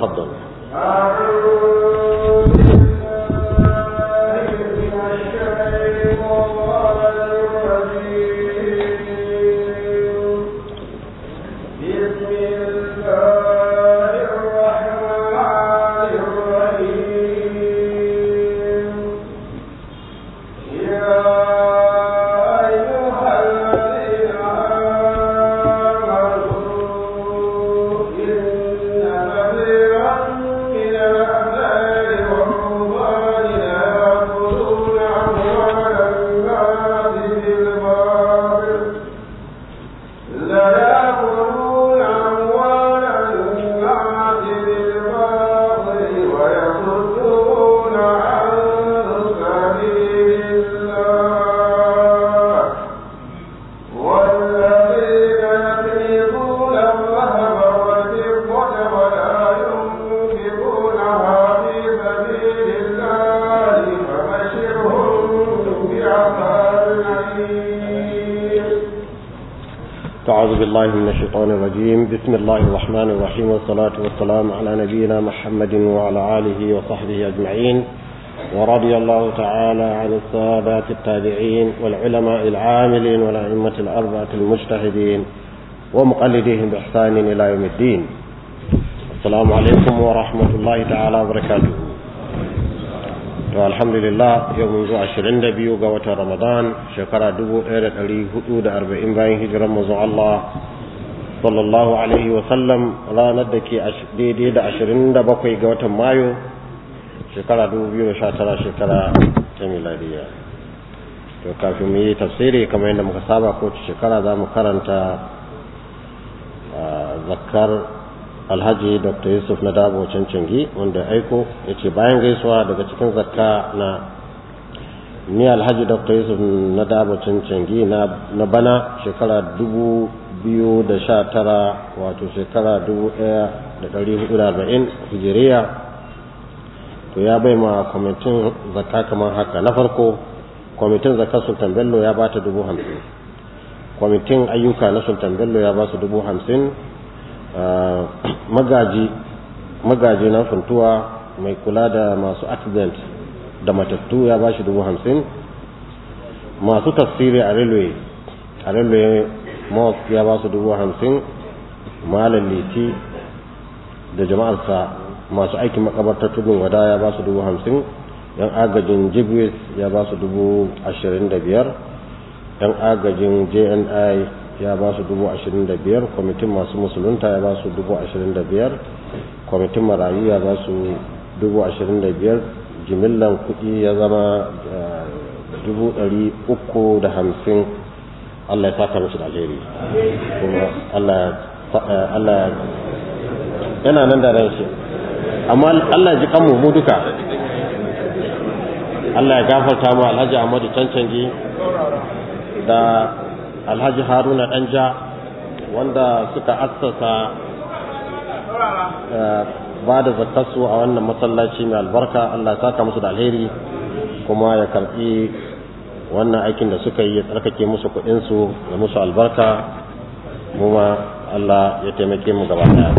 تفضل الرجيم بسم الله الرحمن الرحيم والصلاة والسلام على نبينا محمد وعلى آله وصحبه أجمعين ورضي الله تعالى عن السادة التابعين والعلماء العاملين والأئمة الأربعة المجتهدين ومقلديهم بإحسان إلى يوم الدين السلام عليكم ورحمة الله تعالى وبركاته الحمد لله يوم جوع شرند بيوغا قوة رمضان شكرا دبو إيرت عليه هدود أربعين باين هجرة مزو الله sallallahu alaihi wasallam ranar da ke daidai da ashirin da bakwai ga watan mayu shekara dubu biyu da sha tara shekara ta miladiya to kafin mu yi tafsiri kamar yadda muka saba kowace shekara za mu karanta zakkar alhaji dr yusuf na dabo cancangi wanda ya aiko ya ce bayan gaisuwa daga cikin zakka na ni alhaji dr yusuf na dabacin cangi na bana shekara dubu biyu da sha tara wato shekara dubu ɗaya da ɗari hudu da arba'in hijiriya to ya bai ma kwamitin zaka kamar haka na farko kwamitin zaka sultan bello ya bata dubu hamsin kwamitin ayyuka na sultan bello ya ba su dubu hamsin ah, magaji magaji na funtuwa mai kula da masu accident da matattu ya ba shi dubu hamsin masu tafsiri a railway a railway mosque ya ba su dubu hamsin malam liti da jama'arsa masu aikin makabartar tudun wada ya ba su dubu hamsin yan agajin jibwis ya ba su dubu ashirin da biyar yan agajin jni ya ba su dubu ashirin da biyar kwamitin masu musulunta ya ba su dubu ashirin da biyar kwamitin marayu ya ba su dubu ashirin da biyar jimillan kuɗi ya zama eh, dubu ɗari uku da hamsin Allah ya saka mashi da alheri kuma eh, Allah yana nan da ransu amma Allah ji kan mu duka Allah ya gafarta mu Alhaji Ahmadu cancanji da Alhaji Haruna Danja wanda suka assasa eh, ba da zakarsu a wannan masallaci mai albarka Allah ya saka musu da alheri kuma ya karbi wannan aikin da suka yi ya tsarkake musu kuɗinsu da musu albarka kuma Allah ya taimake mu gaba daya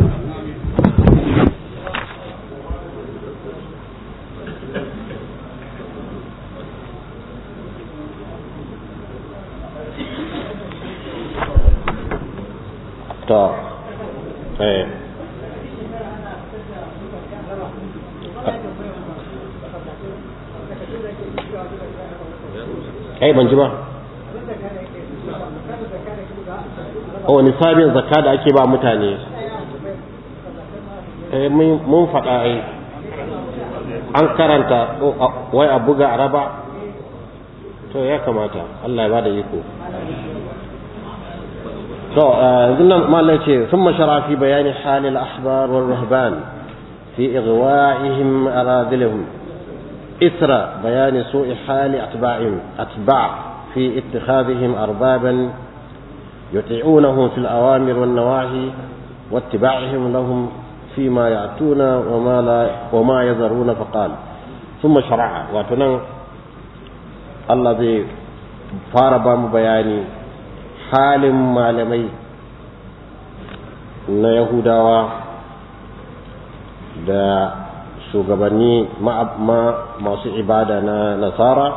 to eh ai eh, ban ji ba a oh, wani sabin zakka da ake ba mutane eh, mun faɗa ai eh. an karanta oh, wai a buga a raba to ya kamata Allah ya bada iko to yanzu nan mallan ce sun mashara fi bayani halil ahbar wal rahban fi igwa'ihim aradilihum إثر بيان سوء حال أتباعهم أتباع في اتخاذهم أربابا يطيعونهم في الأوامر والنواهي واتباعهم لهم فيما يأتون وما لا وما يذرون فقال ثم شرع واتنا الله زي fara ba mu bayani halin malamai da shugabanni masu ibada na nasara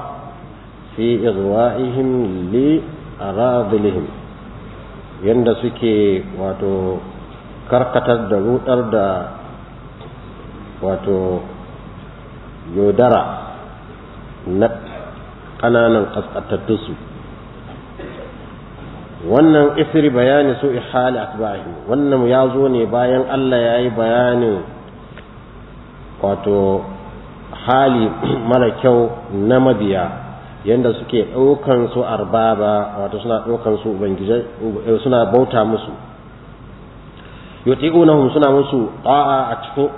fi izwa'ihim li aghadilihim yanda suke wato karkatar da rudar da wato yodara na ƙananan su wannan isri bayani su ihali atbahi wannan ya zo ne bayan allah ya yi bayanin wato hali mara kyau na mabiya yadda suke ɗaukan su arbaba wato suna ɗaukan su ubangijai eh, suna bauta musu yuti'unahum suna musu ƙa'a a cikin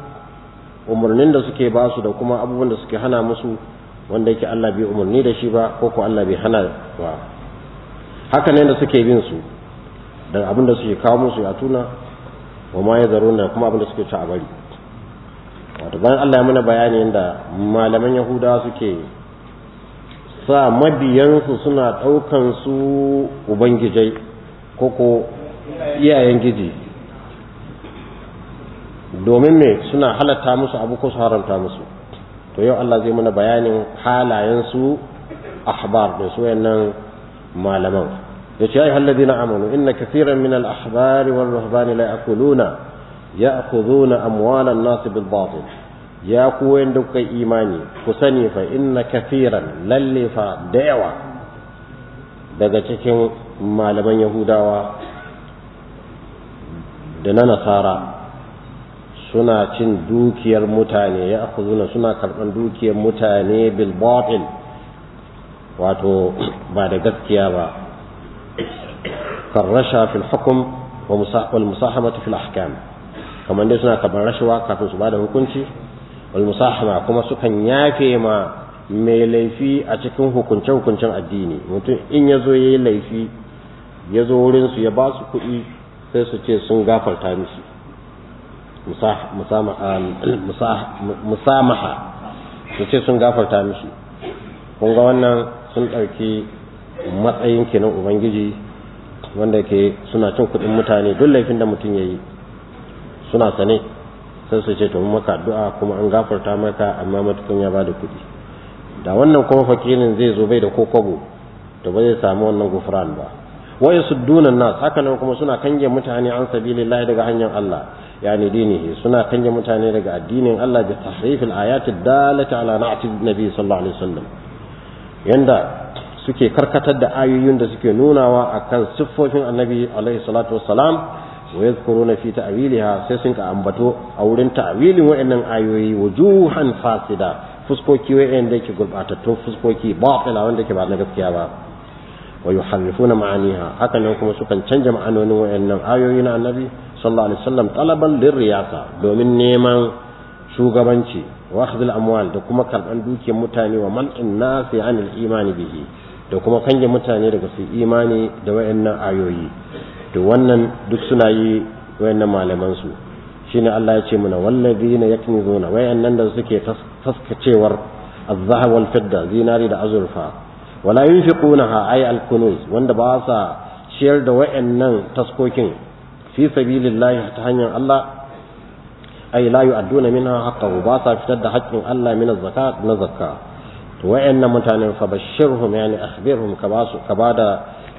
umarnin da suke ba su da kuma abubuwan da suke hana musu wanda yake Allah bai umarni da shi ba ko ko Allah bai hana ba haka ne da suke bin su da abin da suke kawo musu ya tuna wa ma ya zaruna kuma abin da suke ci a bari to bayan Allah ya mana bayani yadda malaman yahudawa suke sa mabiyansu suna ɗaukan su ubangijai ko ko iyayen giji domin me suna halatta musu abu ko su haramta musu to yau Allah zai mana bayanin halayensu ahbar da su wayannan malaman yace ya ayyuhallazina amanu inna kathiran min al-ahbari war-ruhbani la ya'kuluna ya'khudhuna amwalan nas bil-batil ya ku da kuka imani ku sani fa inna kafiran lalle fa da yawa daga cikin malaman yahudawa da na nasara suna cin dukiyar mutane ya zuna suna karɓar dukiyar mutane bil wato ba da gaskiya ba farrasha fil hukum wa musahamatu fil ahkam kamar dai suna karɓar rashawa kafin su ba da hukunci wal musahama kuma sukan yafe ma mai laifi a cikin hukunce hukuncen addini mutum in ya zo ya yi laifi ya zo wurin su ya ba su kuɗi sai su ce sun gafarta mishi musamaha su ce sun gafarta mishi kun ga wannan sun ɗauki matsayin kenan ubangiji wanda ke suna cin kuɗin mutane duk laifin da mutum ya yi suna sane sai su ce to maka addu'a kuma an gafarta maka amma matukin ya bada kuɗi da wannan kuma fakirin zai zo bai da kokobo to ba zai samu wannan gufran ba wa yasudduna nas haka nan kuma suna kange mutane an sabilillahi daga hanyar Allah yani dinihi suna kange mutane daga addinin Allah bi tahrifil ayati dalata ala na'ti nabi sallallahu alaihi wasallam yanda suke karkatar da ayoyin da suke nunawa akan siffofin annabi alaihi salatu wassalam wa yadhkuruna fi ta'wiliha sai sun ka ambato a wurin ta'wilin wa'annan ayoyi wujuhan fasida fuskoki wa'anda ke gurbatattun fuskoki batila wanda ke ba na gaskiya ba wa yuharrifuna ma'aniha haka nan kuma sukan canja ma'anonin wa'annan ayoyi na annabi sallallahu alaihi wasallam talaban lirriyasa domin neman shugabanci wa akhdhil amwal da kuma karban dukiyar mutane wa man'in nasi anil imani bihi da kuma kange mutane daga su imani da wa'annan ayoyi to wannan duk suna yi wayannan malaman su shine Allah ya ce muna wallazina yaknizuna wayannan da suke taskacewar az wal fidda zinari da azurfa wala yunfiqunaha ay al-kunuz wanda ba sa ciyar da wayannan taskokin fi sabilillahi ta hanyar Allah ay la yu'adduna minha haqqahu ba sa fitar da haƙƙin Allah min zakat na zakka to wayannan mutanen fa bashirhum yani akhbirhum ka ba su ka ba da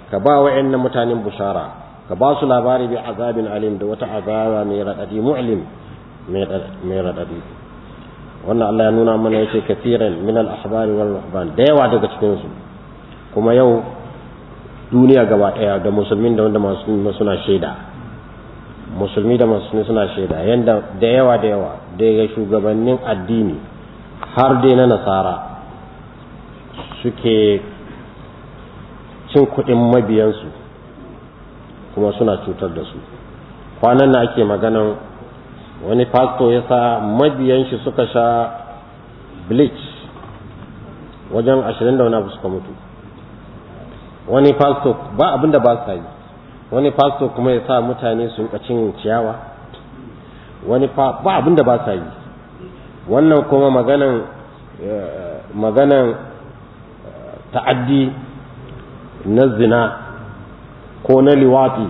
ka ba wayannan mutanen bushara ka ba su labari bi azabin alim da wata azaba mai raɗaɗi mu'lim mai raɗaɗi wannan Allah ya nuna mana yace kafiran min al ahbari wal ruhban da yawa daga cikin su kuma yau duniya gaba ɗaya da musulmin da wanda masu suna shaida musulmi da masu suna shaida yanda da yawa da yawa daga shugabannin addini har dai na nasara suke cin kuɗin mabiyansu kuma suna cutar da su kwanan na ake maganan wani pastor ya sa mabiyan shi suka sha bleach wajen ashirin da wani abu suka mutu wani pastor ba abin da ba sa yi wani pastor kuma ya sa mutane su rika cin ciyawa wani ba abin da ba sa yi wannan kuma maganan eh, maganan eh, ta'addi na zina ko na liwati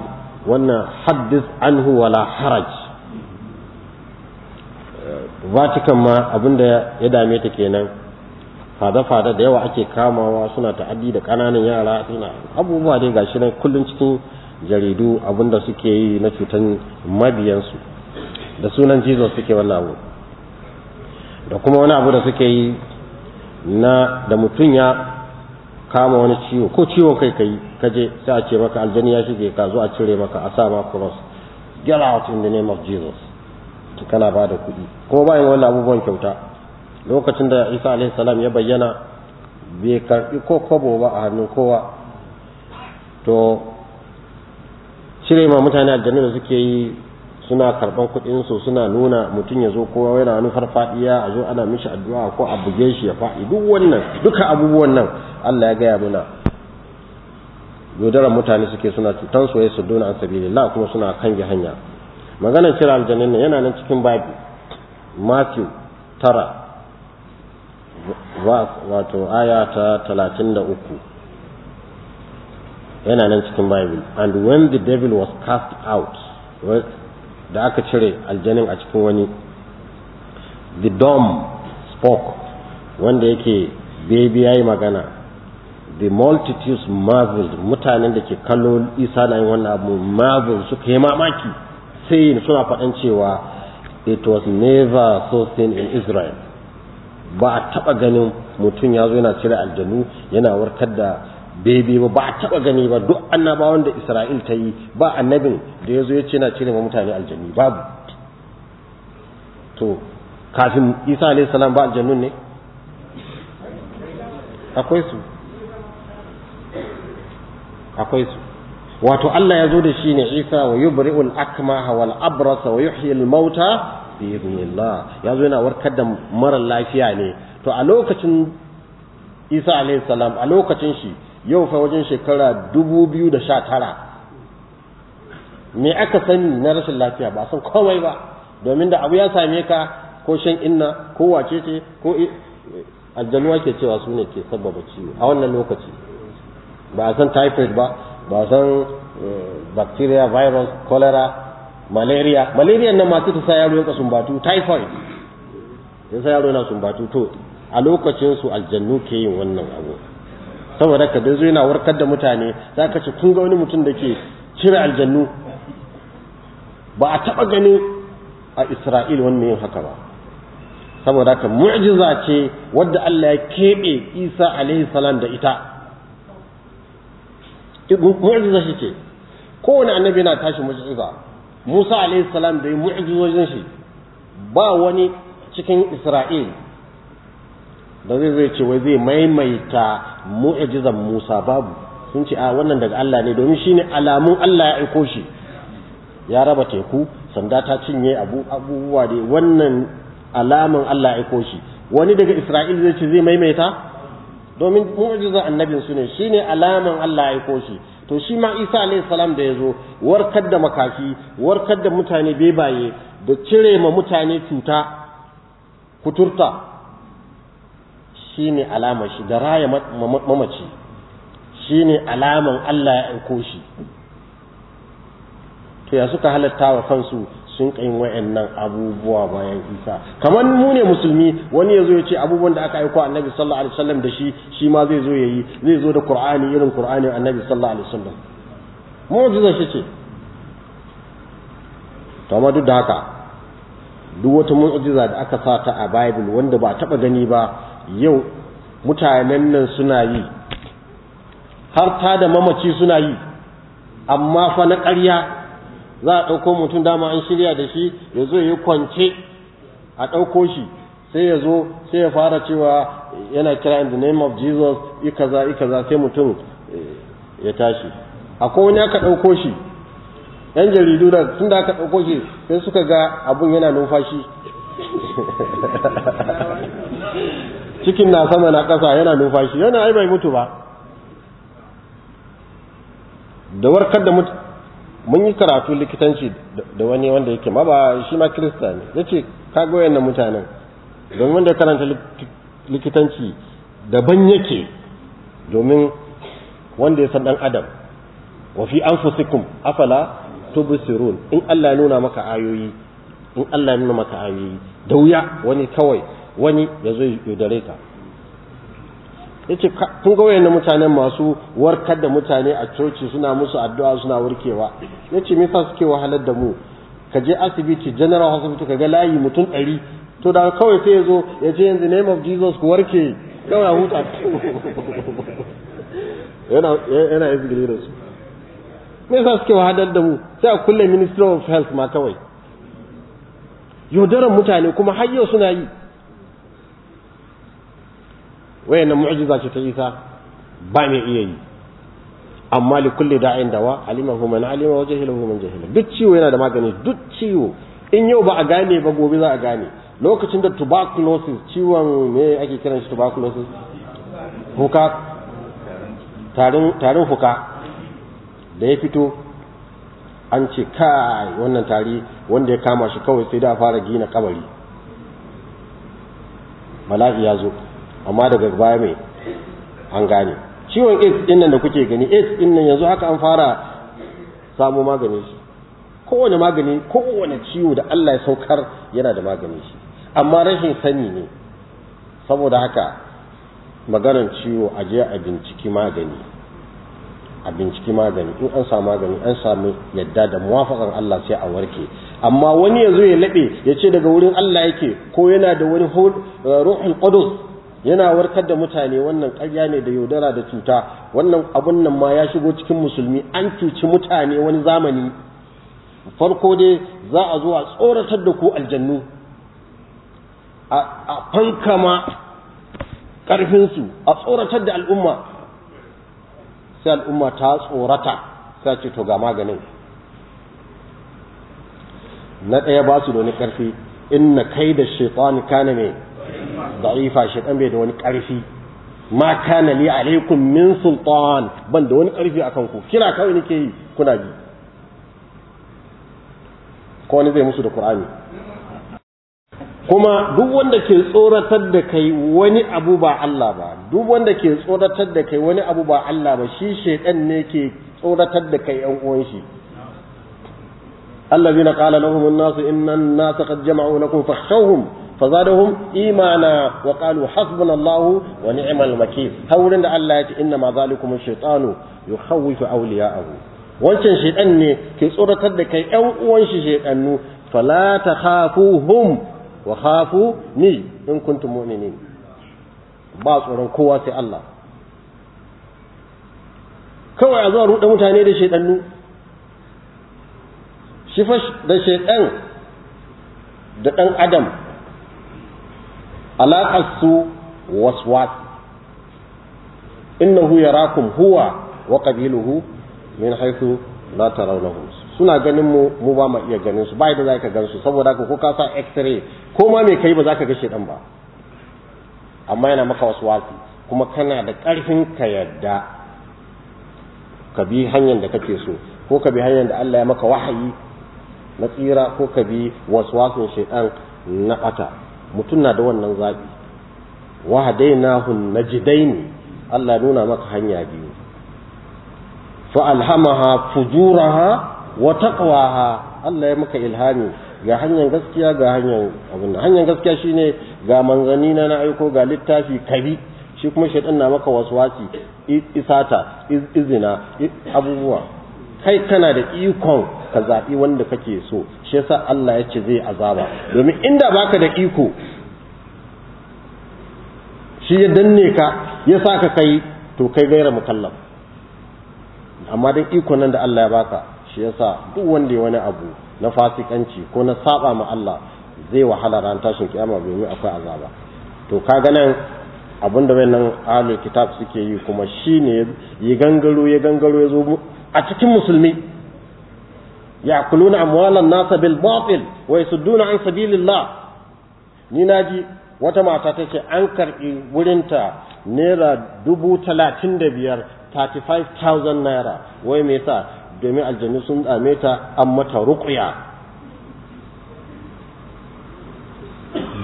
wannan haddis anhu wala haraj vatican ma abinda ya dame ta kenan fada-fada da yawa ake kamawa suna ta'addi da kananan yara suna abubuwa dai gashi nan kullum cikin jaridu abinda suke yi na cutan mabiyansu da sunan jesus suke wannan abu da kuma wani abu da suke yi na da mutum ya kama wani ciwo ko ciwon kai kai ka je sai a ce maka aljani ya shige ka zo a cire maka a sa ma cross get out in the name of Jesus to kana ba da kuɗi kuma ba yin wannan abubuwan kyauta lokacin da Isa alaihi salam ya bayyana bai karbi ko kobo ba a hannun kowa to cire ma mutane aljanu da suke yi suna karban kuɗin su suna nuna mutum ya zo kowa yana wani farfadiya a zo ana mishi addu'a ko a buge shi ya faɗi duk wannan duka abubuwan nan Allah ya gaya mana. yaudarar mutane suke suna cutan soyayya su dona an la kuma suna kange hanya maganar kira aljanin nan yana nan cikin babi Matthew tara wato aya ta talatin da uku yana nan cikin babi and when the devil was cast out da aka cire aljanin a cikin wani the dom spoke wanda yake bebi ya yi magana the multitudes marveled mutanen da ke kallo isa na yin wannan abu marvel suka yi mamaki sai suna faɗan cewa it was never so seen in israel ba a taɓa ganin mutum ya zo yana cire aljanu yana warkar da bebe ba ba a taɓa gani ba duk annabawan da isra'il ta yi ba annabin da ya zo ya ce na cire ma mutane aljanu babu to kafin isa alayhi salam ba aljanu ne akwai su akwai su wato Allah ya zo da shi ne Isa wa yubri'ul akmaha wal abrasa wa al mauta bi idnillah ya zo yana warkar da mara lafiya ne to a lokacin Isa alayhi salam a lokacin shi yau fa wajen shekara 2019 me aka sani na rashin lafiya ba san komai ba domin da abu ya same ka ko shan inna ko wace ce ko aljanuwa ke cewa su ne ke sabbaba ciwo a wannan lokaci ba a san typhoid ba ba a san eh, bacteria virus cholera malaria malaria nan masu ta sa yaro yanka sumbatu typhoid in sa yaro yana sumbatu to a lokacin su aljannu ke yin wannan abu saboda ka dai zo yana warkar da mutane za ka ci kun ga wani mutum da ke cire aljannu ba a taɓa gani a isra'il wani yin haka ba saboda ka mu'jiza ce wadda Allah ya keɓe Isa alaihi salam da ita mu'jiza shi ce kowane annabi yana tashi mu'jiza Musa alaihi salam da mu'jizojin shi ba wani cikin Isra'il da zai zai ce wai zai maimaita mu'jizan Musa babu sun ce a wannan daga Allah ne domin shine alamun Allah ya aiko shi ya raba teku sanda ta cinye abu abubuwa dai wannan alamun Allah ya aiko shi wani daga Isra'il zai ce zai maimaita domin mu'jiza annabin su ne shine alaman Allah ya koshi to shi ma Isa alayhi salam da yazo warkar da makafi warkar da mutane bebaye da cire ma mutane cuta kuturta shine alama shi da raya mamaci shine alaman Allah ya aiko to ya suka halatta wa kansu sun kayin wayannan abubuwa bayan isa kamar mu ne musulmi wani yazo ya ce abubuwan da aka aika annabi sallallahu alaihi wasallam da shi shi ma zai zo ya yi. zai zo da qur'ani irin qur'ani annabi sallallahu alaihi wasallam mu'jiza shi ce to amma duk da haka duk wata mu'jiza da aka sata a bible wanda ba taba gani ba yau mutanen nan suna yi har ta da mamaci suna yi amma fa na ƙarya za a ɗauko mutum dama an shirya da shi ya zo ya kwance a ɗauko shi sai ya zo sai ya fara cewa yana kira in the name of jesus ikaza ikaza sai mutum eh, ya tashi akwai wani aka ɗauko shi yan jaridu da tun da aka ɗauko shi sai suka ga abun yana numfashi cikin na sama na ƙasa yana numfashi yana ai bai mutu ba da warkar da mutu mun yi karatu likitanci da wani wanda yake ma ba shi ma kirista ne ya ce ka goyon na mutanen domin wanda karanta likitanci daban yake domin wanda ya san dan adam wa fi anfusikum afala tubsirun in Allah ya nuna maka ayoyi in Allah ya nuna maka ayoyi da wuya wani kawai wani ya zo ya dare ka yace kun ga wayannan mutanen masu warkar da mutane a coci suna musu addu'a suna warkewa yace me yasa suke wahalar da mu ka je asibiti general hospital ka ga layi mutum 100 to da kawai sai ya zo ya the yanzu name of jesus ku warke kawai huta yana yana izgiri da su me yasa suke wahalar da mu sai a kulle ministry of health ma kawai yaudaran mutane kuma har yau suna yi nan mu'jiza ce ta Isa ba mai iya yi amma li kulli da'in dawa alimahu man alima wa man jahila duk ciwo yana da magani duk ciwo in yau ba a gane ba gobe za a gane lokacin da tuberculosis ciwon me ake kiran shi tuberculosis huka tarin tarin huka da ya fito an ce kai wannan tari wanda ya kama shi kawai sai da fara gina kabari bala'i ya zo amma daga baya mai an gane ciwon aids din da kuke gani aids din nan yanzu haka an fara samu magani shi kowane magani kowane ciwo da Allah ya saukar yana da magani shi amma rashin sani ne saboda haka maganar ciwo a je a binciki magani a binciki magani in an samu magani an samu yadda da muwafakan Allah sai a warke amma wani ya zo ya laɓe ya ce daga wurin Allah yake ko yana da wani eh, ruhul qudus yana warkar da mutane wannan karya ne da yaudara da cuta wannan abun nan ma ya shigo cikin musulmi an cuci mutane wani zamani farko dai za a zo tsoratar da ku aljannu a fankama ƙarfinsu a tsoratar da al'umma sai al'umma ta tsorata sai ce to ga maganin na ɗaya ba su da wani ƙarfi inna kai da shaitani kana mai da'ifa shaitan bai da wani ƙarfi ma kana li alaikum min sultan ban da wani ƙarfi akan ku kina kawai nake yi kuna bi ko wani zai musu da qur'ani kuma duk wanda ke tsoratar da kai wani abu ba Allah ba duk wanda ke tsoratar da kai wani abu ba Allah ba shi shaitan ne ke tsoratar da kai yan uwan shi allazina qala lahum an-nas inna an-nasa qad jama'u lakum fakhshawhum فزادهم إيمانا وقالوا حسبنا الله ونعم الوكيل هورن الله يتي إنما ذلكم الشيطان يخوف أولياءه wancan shaidan ne ke tsoratar da kai ƴan uwan shi shaidannu fala takhafuhum wa khafu ni in kuntum mu'minin ba tsoron kowa sai Allah kawai a zuwa ruɗe mutane da shaidannu shi da shaidan da ɗan adam alaƙar su waswasi ya rakun huwa wa qabiluhu min haythu la tarawnahum suna ganin mu mu ba ma iya ganin su bai da zaka gan su saboda ka ko ka sa x-ray ko ma me kai ba zaka ga shedan ba amma yana maka wasu kuma kana da ƙarfin ka yadda ka bi hanyar da kake so ko ka bi hanyar da Allah ya maka wahayi na tsira ko ka bi waswasin shedan na ɓata mutum na da wannan zaɓi na ji daini? Allah nuna maka hanya biyu fa alhamaha fujuraha wa taqwaha Allah ya maka ilhami ga hanyar gaskiya ga hanyar abin da. hanyar gaskiya shi ne ga manzanni na na aiko ga littafi kabi shi kuma ɗan na maka wasi isata izina abubuwa kai kana da ikon ka zaɓi wanda kake so shi yasa Allah ya ce zai azaba domin inda baka da iko shi ya danne ka ya sa ka kai to kai gaira mukallaf amma dan iko nan da Allah ya baka shi yasa duk wanda ya wani abu na fasikanci ko na saba ma Allah zai wahala ran tashin kiyama domin akwai azaba to ka ga nan abinda wannan ahlul kitab suke yi kuma shine ya gangaro ya gangaro ya zo a cikin musulmi ya'kuluna amwalan nasa bil batil wa yasudduna an sabilillah ni naji wata mata ta ce an karbi wurinta naira dubu talatin da biyar 35,000 naira wai me yasa domin aljanu sun tsame ta an mata rukuya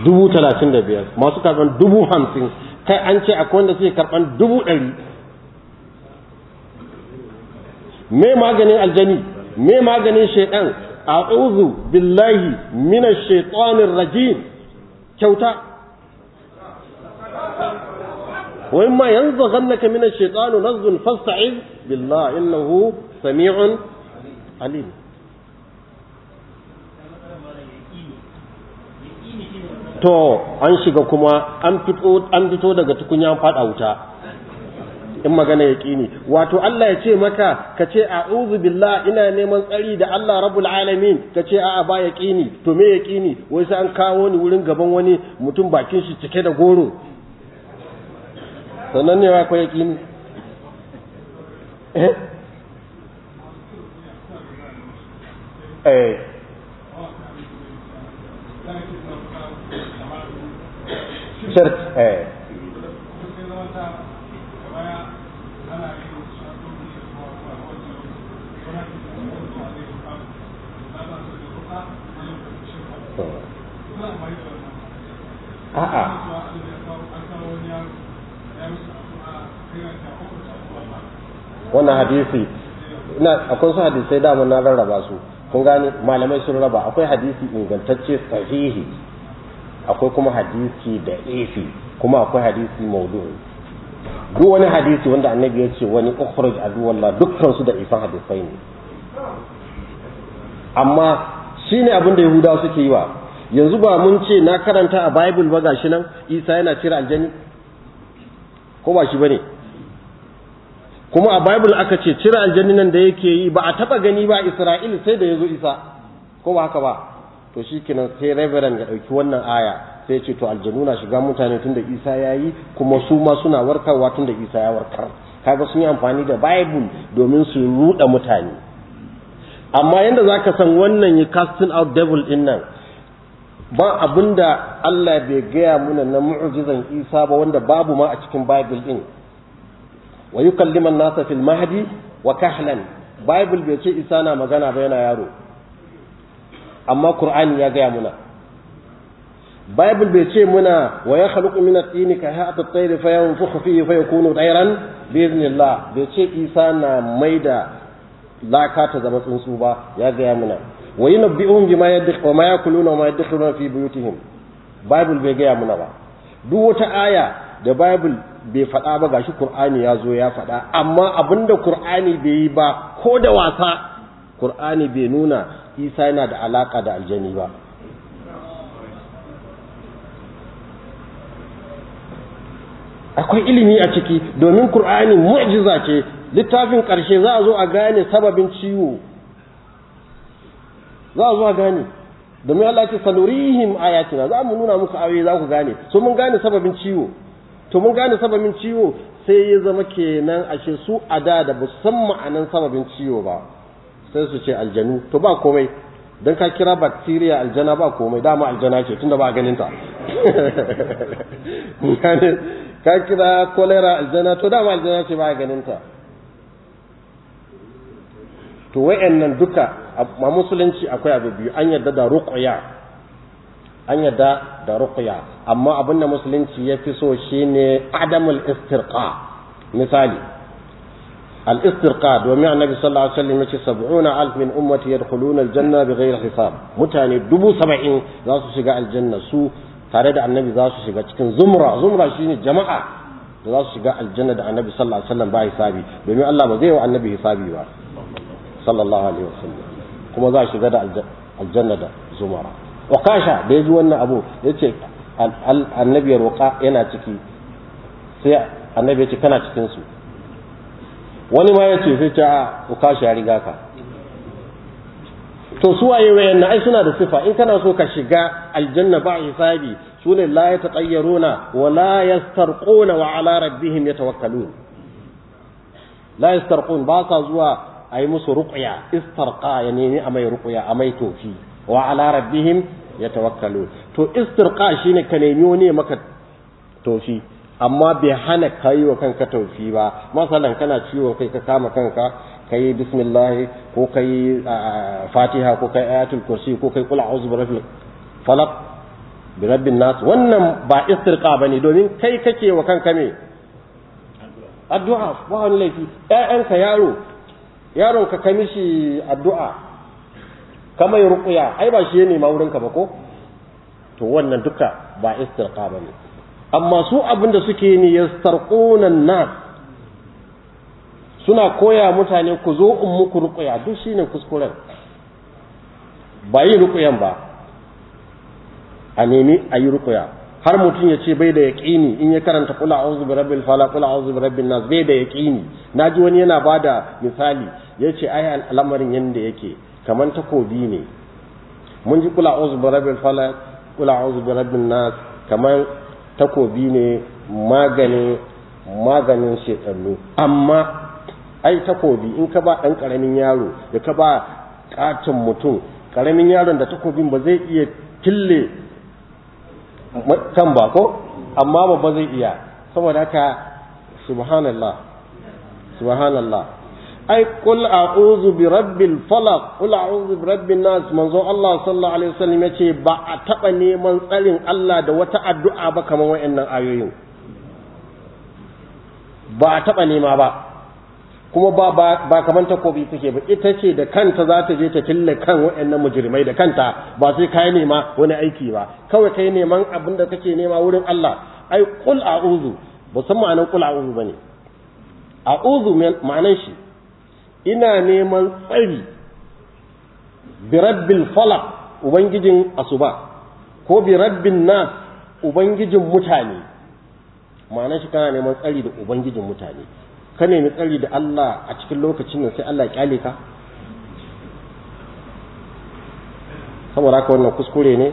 dubu talatin da biyar masu karban dubu hamsin kai an ce akwai wanda suke karban dubu ɗari me maganin aljani me maganin shaidan a'udhu billahi mina shaitanin rajin kyauta wa imma yanzaghannaka mina shaitani nazghun fasta'iz billahi innahu sami'un alim to an shiga kuma an fito an fito daga tukunya fada wuta in magana yaqini wato Allah ya ce maka ka ce a'udhu billah ina neman tsari da Allah Rabu alamin ka ce a'a ba ya yaqini to me ya yaqini wai sai an kawo ni wurin gaban wani mutum bakin shi cike da goro sannan ne wa akwai yaqini eh eh, eh. a'a wannan hadisi ina akwai su hadisai dama na rarraba su kun gane malamai sun raba akwai hadisi ingantacce sahihi akwai kuma hadisi da efi kuma akwai hadisi maudu'i duk wani hadisi wanda annabi ya ce wani ukhrij aduwallah dukkan su da ifan hadisai ne amma shi ne abin da yahudawa suke yi wa yanzu ba mun ce na karanta a bible ba gashi nan isa yana cire aljani ko ba shi bane kuma a bible aka ce cire aljani nan da yake yi ba a taba gani ba isra'il sai da ya zo isa ko ba haka ba to shi kenan sai reverend ya dauki wannan aya sai ce to aljanu na shiga mutane tun da isa ya yi kuma su ma suna warkarwa tun da isa ya warkar kaga sun yi amfani da bible domin su ruɗa mutane amma yadda za ka san wannan ya casting out devil in nan ba abinda Allah bai gaya muna na mu'jizan Isa ba wanda babu ma a cikin Bible din wa kalliman nasa fil mahdi wa kahlan Bible bai ce Isa na magana ba yana yaro amma Kur'ani ya gaya muna Bible bai ce muna wa ya khaluqu min at ka ha'at at-tayr fa yanfukhu fihi fa yakunu tayran bi bai ce Isa na maida La ka ta zama tsuntsu ba ya gaya mana. wa yi bima yadkhuluna wa ma yakuluna wa ma yadkhuluna fi buyutihim bible bai gaya mana ba duk wata aya da bible bai faɗa ba gashi qur'ani ya zo ya faɗa amma abinda qur'ani bai yi ba ko da wasa qur'ani bai nuna isa yana da alaka da aljani ba akwai ilimi a ciki domin qur'ani mu'jiza ce littafin ƙarshe za a zo a gane sababin ciwo za a zo a gane domin Allah ce sanurihim ayatina za mu nuna muku ayoyi za ku gane so mun gane sababin ciwo to mun gane sababin ciwo sai ya zama kenan ashe su a da da ba san ma'anan sababin ciwo ba sai su ce aljanu to ba komai don ka kira bacteria aljana ba komai dama aljana ce tunda ba ganin ta ka kira cholera aljana to dama aljana ce ba ganin ta to wayannan duka a musulunci akwai abu biyu an yadda da ruqya an yadda da ruqya amma abin da musulunci ya fi so shine adamul istirqa misali al istirqa domin annabi sallallahu alaihi wasallam yace sab'una alf min ummati yadkhuluna aljanna bighayri hisab mutane dubu saba'in za su shiga aljanna su tare da annabi za su shiga cikin zumra zumra shine jama'a da za su shiga aljanna da annabi sallallahu alaihi wasallam ba hisabi domin Allah ba zai wa annabi hisabi ba sallallahu alaihi wasallam kuma za a shiga da aljanna da zumara kasha da yaji wannan abu yace annabi ya yana ciki sai annabi yace kana cikin su wani ma ya ce sai ta wakasha ya riga ka to su waye wayannan ai suna da sifa in kana so ka shiga aljanna ba hisabi sune la yataqayyaruna wa la yastarquna wa ala rabbihim yatawakkalun la yastarqun ba sa zuwa a musu ruqya istarqa ya nemi a mai ruqya a mai tofi wa ala rabbihim tawakkalu to istirqa shine ka nemi wani maka tofi amma bai hana kai wa kanka tofi ba masalan kana ciwo kai ka kama kanka kai bismillah ko kai fatiha ko kai ayatul kursi ko kai qul ba birabbil falaq birabbin nas wannan ba istirqa bane domin kai kake wa kanka me addu'a ba wani laifi ƴaƴanka yaro yaron ka ka mishi addu'a ka mai ruqya ai ba shi ya nema wurin ka ba ko to wannan duka ba istirqa ne. amma su abinda suke ni yastarquna nas suna koya mutane ku zo in muku ruqya duk shine kuskuren ba yi ruqyan ba a nemi a yi har mutum ya ce bai da yaqini in ya karanta kula a'udhu bi rabbil falaq kula a'udhu bi rabbin nas bai da yaqini naji wani yana bada misali yace ai al'amarin yanda yake kaman takobi ne mun ji kula a'udhu bi rabbil falaq kula a'udhu bi rabbin nas kaman takobi ne maganin maganin amma ai takobi in ka ba dan karamin yaro da ka ba katon mutum karamin yaron da takobin ba zai iya kille kan ba ko amma babba zai iya saboda haka subhanallah subhanallah ai qul a'udhu bi rabbil falaq qul a'udhu bi rabbin nas manzo Allah sallallahu alaihi wasallam yace ba a taba neman tsarin Allah da wata addu'a ba kamar wayannan ayoyin ba a taba nema ba kuma ba ba kaman takobi take ba ita ce da kanta za ta je ta tilla kan waɗannan mujrimai da kanta ba sai kai nema wani aiki ba kawai kai neman abin da kake nema wurin Allah ai qul a'udhu ba san ma'anar qul a'udhu bane a'udhu ma'anar shi ina neman tsari bi rabbil falaq ubangijin asuba ko bi rabbin nas ubangijin mutane ma'anar shi kana neman tsari da ubangijin mutane ka nemi tsari da Allah a cikin lokacin nan sai Allah ya kyale ka saboda haka wannan kuskure ne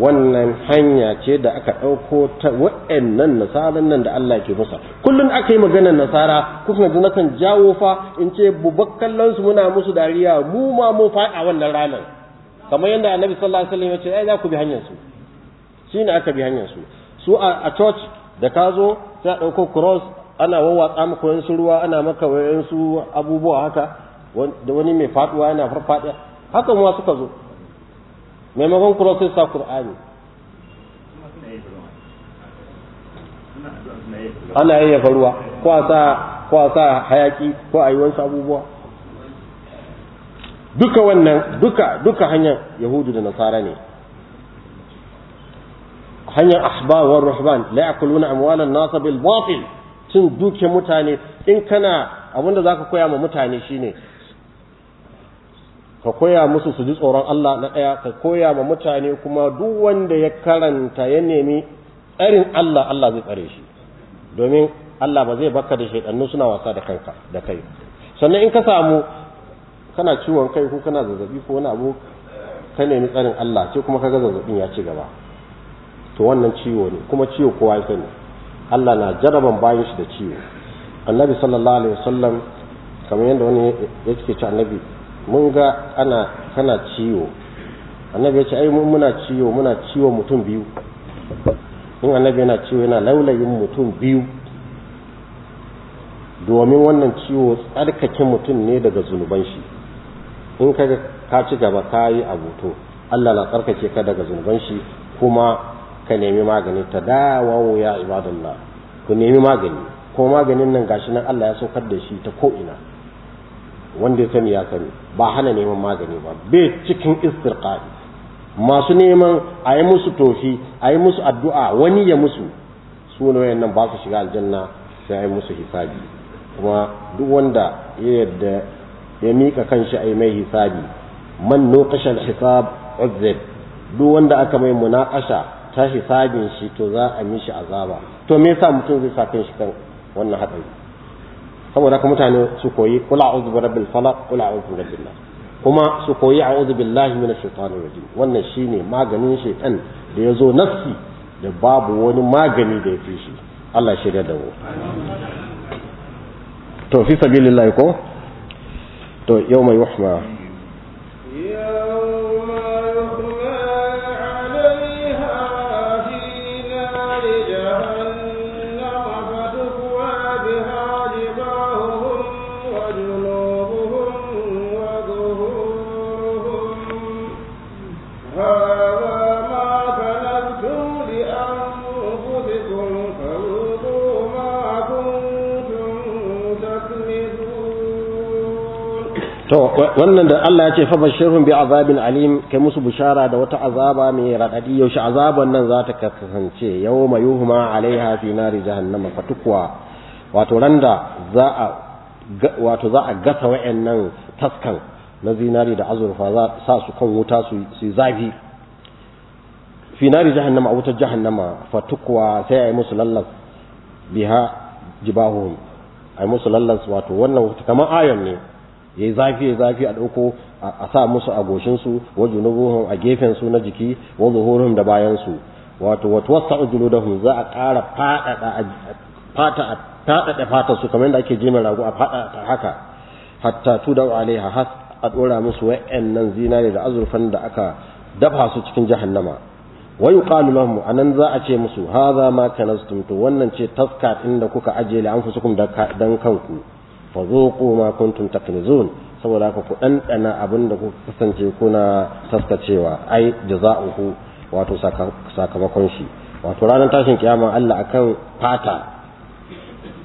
wannan hanya ce da aka ɗauko ta wa'annan nasarar nan da Allah ke musa kullum aka yi maganar nasara kuma yanzu nakan jawo fa in ce bubakkallan su muna musu dariya mu ma mu faɗa wannan ranar kamar yadda annabi sallallahu alaihi wasallam ya ce ai za ku bi hanyar su shine aka bi hanyar su su a church da ka zo sai a ɗauko cross ana wawwatsa maka wayansu ruwa ana maka wayansu abubuwa haka da wani mai faduwa yana farfadiya haka ma suka zo maimakon kuro sai sa qur'ani ana yayyafa ruwa ko a sa ko a sa hayaki ko a yi wasu abubuwa duka wannan duka duka hanyar yahudu da nasara ne hanyar ahba wa ruhban la yakuluna amwalan nas bil batil cin duke mutane in kana abinda ka koya ma mutane shine ka koya musu su ji tsoron Allah na ɗaya ka koya ma mutane kuma duk wanda ya karanta ya nemi tsarin Allah Allah zai tsare shi domin Allah ba zai baka da shaidannu suna wasa da kanka da kai sannan in ka samu kana ciwon kai ko kana zazzabi ko wani abu ka nemi tsarin Allah sai kuma ka kaga zazzabin ya ci gaba to wannan ciwo ne kuma ciwo kowa ya sani Allah na jaraban bayan shi da ciwo annabi sallallahu alaihi wasallam kamar yadda wani yake ce annabi mun ga ana kana ciwo annabi ya ce ai mun muna ciwo muna ciwo mutum biyu in annabi yana ciwo yana laulayin mutum biyu domin wannan ciwo tsarkake mutum ne daga zunuban shi in ka ci gaba ka yi abuto Allah na tsarkake ka daga zunuban shi kuma ka nemi magani ta dawawo ya ibadallah ku nemi magani ko maganin nan gashi nan Allah ya saukar da shi ta ko ina wanda ya sani ya sani ba hana neman magani ba bai cikin istirqa'i masu neman a yi musu tofi a yi musu addu'a wani ya musu su ne nan ba su shiga aljanna sai a yi musu hisabi kuma duk wanda ya yadda ya mika kanshi a yi mai hisabi man nuqashal hisab uzzab duk wanda aka mai munaqasha ta hisabin shi to za a mishi azaba to me yasa mutum zai sa shi kan wannan hadari saboda haka mutane su koyi qul a'udhu bi rabbil falaq qul a'udhu bi rabbin nas kuma su koyi a'udhu billahi minash shaitanir rajim wannan shine maganin shaitan da yazo nafsi da babu wani magani da yafi shi Allah shi da mu to fi sabilillah ko to yawma yuhma to wannan da Allah ya ce fa bashirun bi azabin alim kai musu bushara da wata azaba mai radadi yaushe azaban nan za ta kasance mai yuhuma alaiha fi nari jahannama fatukwa wato randa za a wato za a gasa wayannan taskan na zinari da azurfa za sa su kan wuta su su zafi fi nari jahannama a wutar jahannama fatukwa sai a musu lallas biha jibahum a musu lallas wato wannan kamar ayon ne yi zafi ya zafi a ɗauko a sa musu a goshin su wa junubuhum a gefen su na jiki wa zuhuruhum da bayan su wato wa da juludahum za a ƙara fadada fata fata su kamar yadda ake jima rago a ta haka hatta wale alaiha has a dora musu wa'annan zinare da azurfan da aka dafa su cikin jahannama wa yuqalu lahum anan za a ce musu hadha ma kanastum wannan ce taska din da kuka aje li anfusukum dan kanku fazuqu ma kuntum taknizun saboda haka ku ɗanɗana abin da ku kasance kuna taskacewa ai jaza'uhu wato sakamakon shi wato ranar tashin kiyama Allah akan fata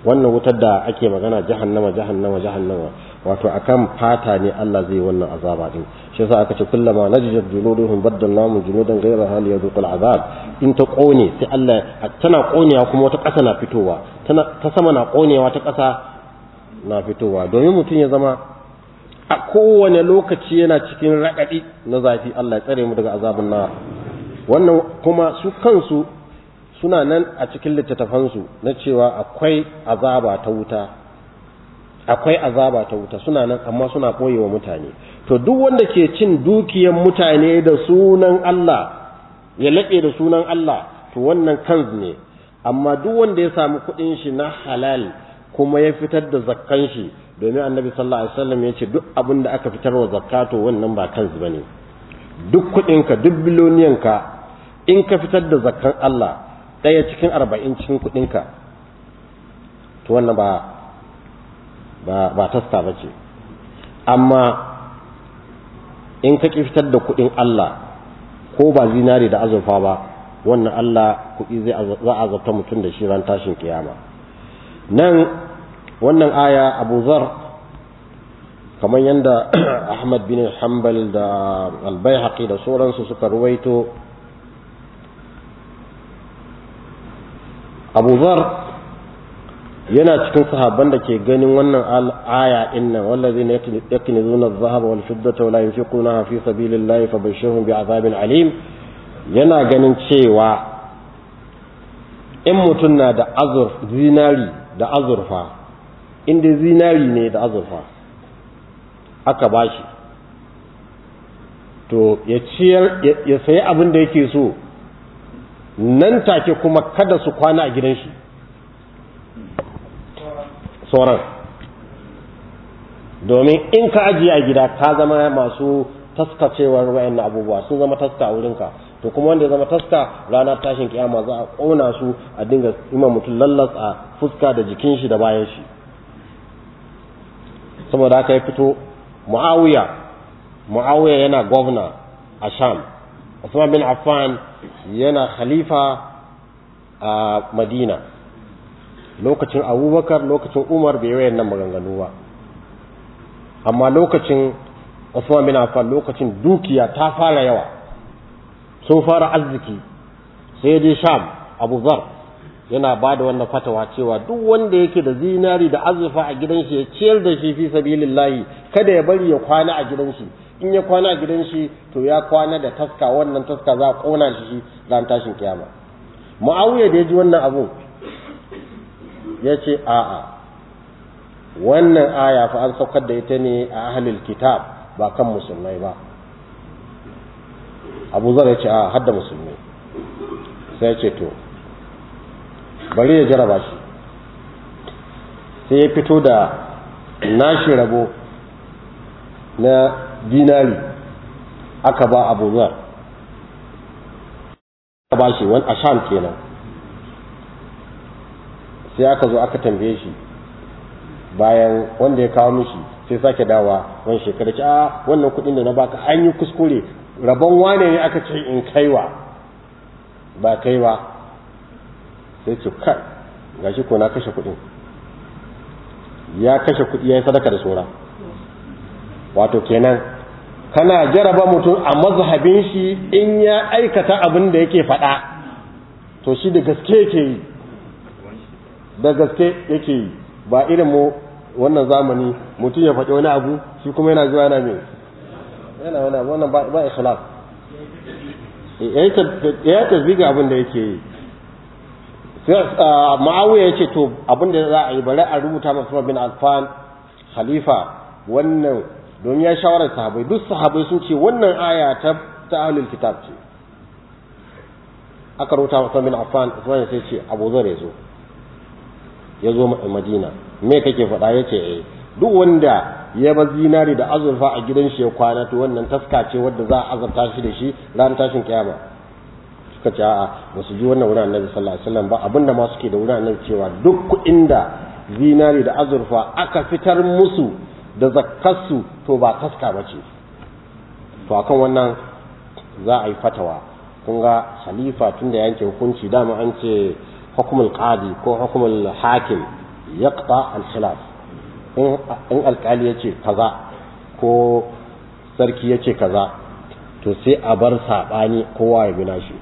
wannan wutar da ake magana jahannama jahannama jahannama wato akan fata ne Allah zai wannan azaba din shi yasa aka ce kullama najjat juluduhum baddalnahum juludan ghayra hal yaduqul azab in ta kone sai Allah tana konewa kuma wata ƙasa na fitowa tana ta sama na konewa ta ƙasa na fitowa domin mutum ya zama a kowane lokaci yana cikin raɗaɗi na zafi Allah ya tsare mu daga azabin na wannan kuma su kansu suna nan a cikin littattafansu na cewa akwai azaba ta wuta akwai azaba ta wuta suna nan amma suna wa mutane to duk wanda ke cin dukiyan mutane da sunan Allah ya laɓe da sunan Allah to wannan kanz ne amma duk wanda ya samu kuɗin shi na halal kuma ya fitar da zakkan shi domin annabi sallallahu alaihi wasallam ya ce duk abin da aka fitar wa zakato wannan ba kansu bane duk kuɗinka duk biloniyanka in ka fitar da zakkan Allah ɗaya cikin arba'in cikin kuɗinka to wannan ba ba ba tasta ba ce amma in ka ki fitar da kuɗin Allah ko ba zinare da azurfa ba wannan Allah kuɗi zai za a zata mutum da shi ran tashin kiyama nan wannan aya abu zar kamar yadda ahmad bin hanbal da haƙi da sauransu suka ruwaito abu zar yana cikin sahabban da ke ganin wannan aya inna wallazi ne yakin zuna zahaba wal ta wala yunfiquna fi sabilillahi bi azabin alim yana ganin cewa in mutum na da azur zinari da azurfa inda zinari ne da azurfa aka bashi to ya ciyar ya sayi abin da yake so nan take kuma kada su kwana a gidan shi sauran domin in ka ajiye a gida ka zama masu taskacewar wayannan abubuwa sun zama taska a wurinka to kuma wanda ya zama taska rana tashin kiyama za a ƙona su a dinga ima mutum lallas a fuska da jikin shi da bayan shi saboda haka ya fito muawiya muawiya yana gwamna a sham usman bin affan yana khalifa a madina lokacin abubakar lokacin umar bai yi nan maganganu ba amma lokacin usman bin affan lokacin dukiya ta fara yawa sun fara arziki sai dai sham abu yana ba da wannan fatawa cewa duk wanda yake da zinari da azurfa a gidan ya ciyar da shi fi sabilillahi kada ya bari ya kwana a gidan in ya kwana a gidan shi to ya kwana da taska wannan taska za a kona shi ran tashin kiyama muawiya da ya ji wannan abu ya ce a'a wannan aya fa an saukar da ita ne a ahlul kitab ba kan musulmai ba abu zan ya ce a hadda musulmai sai ya ce to bari ya jaraba shi sai ya fito da nashi rabo na dinari aka ba abu aka ba shi wani asham kenan sai aka zo aka tambaye shi bayan wanda ya kawo mishi sai sake dawa wani shekara ce a wannan kudin da na baka an yi kuskure rabon wane ne aka ce in kaiwa ba kaiwa sai ce ka ga shi ko na kashe kudin ya kashe kudi ya yi sadaka da tsora wato kenan kana jaraba mutum a mazhabin shi in ya aikata abin da yake fada to shi da gaske yake yi da gaske yake yi ba irin mu wannan zamani mutum ya faɗi wani abu shi kuma yana zuwa yana mai yana wani abu wannan ba ikhlas eh, ya ta ziga abin da yake yi Uh, ma'awiya ya ce to abinda za a yi bari a rubuta masu bin alfan khalifa wannan domin ya shawarar sahabai duk sahabai sun ce wannan aya ta ta ahlul kitab ce aka rubuta masu bin alfan usman sai ce abu zar ya zo ya zo madina me kake faɗa ya ce eh duk wanda ya ba zinari da azurfa a gidan shi ya kwana to wannan taska ce wadda za a azabta shi da shi ran tashin kiyama suka ce a'a ba su ji wannan wurin annabi sallallahu alaihi wasallam ba abinda ma suke da wurin annabi cewa duk kuɗin da zinari da azurfa aka fitar musu da zakkarsu to ba taska ba ce to akan wannan za a yi fatawa kun ga khalifa tun da yanke hukunci dama an ce hukumul qadi ko hukumul hakim yaqta al khilaf in alkali ya ce kaza ko sarki ya ce kaza to sai a bar saɓani kowa ya bi nashi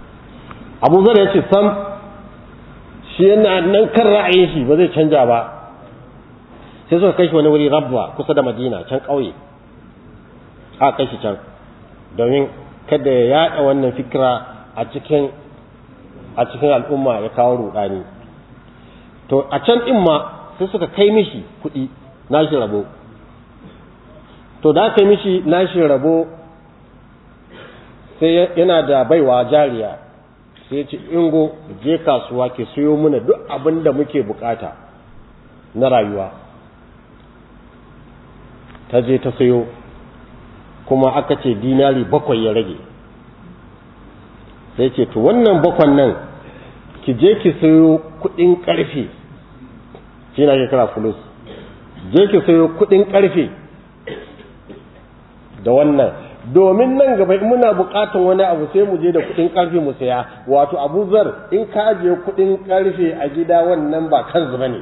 abu zara ya ce sam shi yana nan kan ra'ayin shi ba zai canja ba sai suka kai shi wani wuri rabba kusa da madina can ƙauye a kai shi can domin kada ya yada wannan fikira a cikin a cikin al'umma ya kawo rudani to a can din ma sai suka kai mishi kuɗi nashi rabo to da kai mishi nashi rabo sai yana da baiwa jariya sai ce ingo je kasuwa ke sayo muna duk abin da muke bukata na rayuwa ta je ta sayo kuma aka ce dinari bakwai ya rage sai ce to wannan bakwan nan ki je ki sayo kudin karfe shi na ke kira fulus je ki sayo kudin karfe da wannan domin nan gaba muna bukatun wani abu sai mu je da kuɗin ƙarfe mu saya wato abu in ka ajiye kuɗin ƙarfe a gida wannan ba kan zuba ne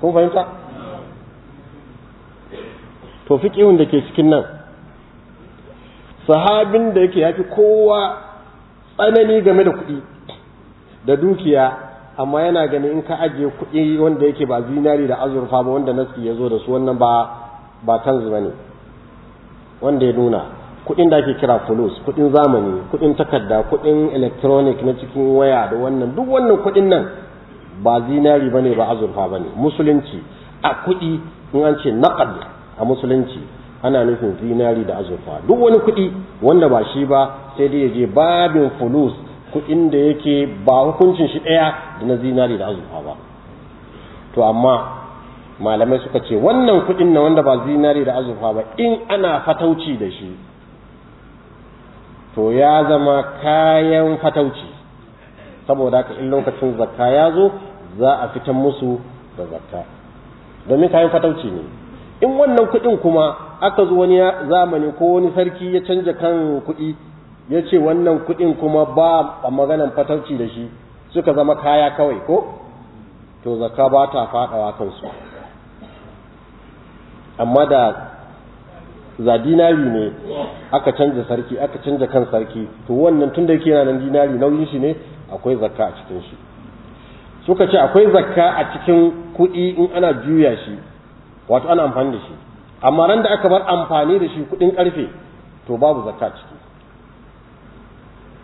kun fahimta to fi fiƙihun da ke cikin nan sahabin da yake yafi kowa tsanani game da kuɗi da dukiya amma yana ganin in ka ajiye kuɗi wanda yake ba zinari da azurfa ba wanda nasi ya zo da su wannan ba ba zuba ne, wanda ya nuna kuɗin da ake kira fulus kuɗin zamani kuɗin takarda kuɗin electronic na cikin waya da wannan duk wannan kuɗin nan ba zinari bane ba azurfa bane musulunci a kuɗi in an ce naqad a musulunci ana nufin zinari da azurfa duk wani kuɗi wanda ba shi ba sai dai je babin fulus kuɗin da yake ba hukuncin shi ɗaya da na zinari da azurfa ba to amma malamai suka ce wannan kuɗin na wanda ba zinari da azurfa ba in ana fatauci da shi to ya zama kayan fatauci saboda haka in lokacin zakka ya zo za a fitan musu da zakka domin kayan fatauci ne in wannan kuɗin kuma aka zo wani zamani ko wani sarki ya canja kan kuɗi ya ce wannan kuɗin kuma ba a maganan fatauci da shi suka zama kaya kawai ko to zakka ba ta faɗawa kansu amma da za dinari ne aka canza sarki aka canza kan sarki to wannan tun da yake yana nan dinari nauyin shi ne akwai zakka a cikin shi suka ce akwai zakka a cikin kuɗi in ana juya shi wato ana amfani da shi amma ran da aka bar amfani da shi kuɗin ƙarfe to babu zakka ciki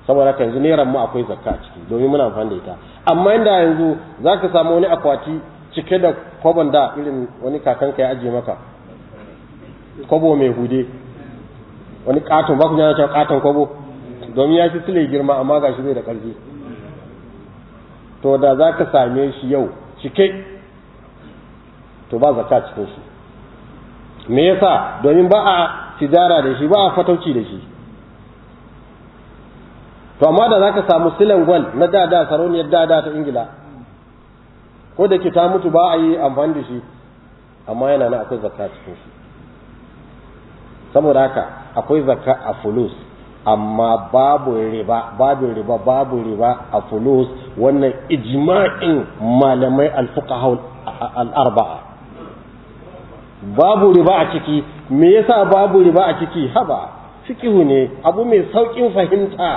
saboda haka yanzu neran mu akwai zakka ciki domin muna amfani da ita amma inda yanzu za ka samu wani akwati cike da kwabon da irin wani kakanka ya ajiye maka kwabo mai hude wani katon ba ku jana cewa katon kwabo domin ya fi sule girma amma ga shi zai da ƙarfi to da za ka same shi yau cike to ba zaka cikin shi me yasa domin ba a tijara da shi ba a fatauci da shi to amma da za ka samu silin gwal na dada sarauniyar dada ta ingila ko da ke ta mutu ba a yi amfani da shi amma yana na akwai zakka cikin shi saboda haka akwai zakka a fulus amma babu riba babu riba babu riba a fulus wannan ijma'in malamai al-fuqaha al-arba'a babu riba a ciki me yasa babu riba a ciki haba fikihu ne abu mai saukin fahimta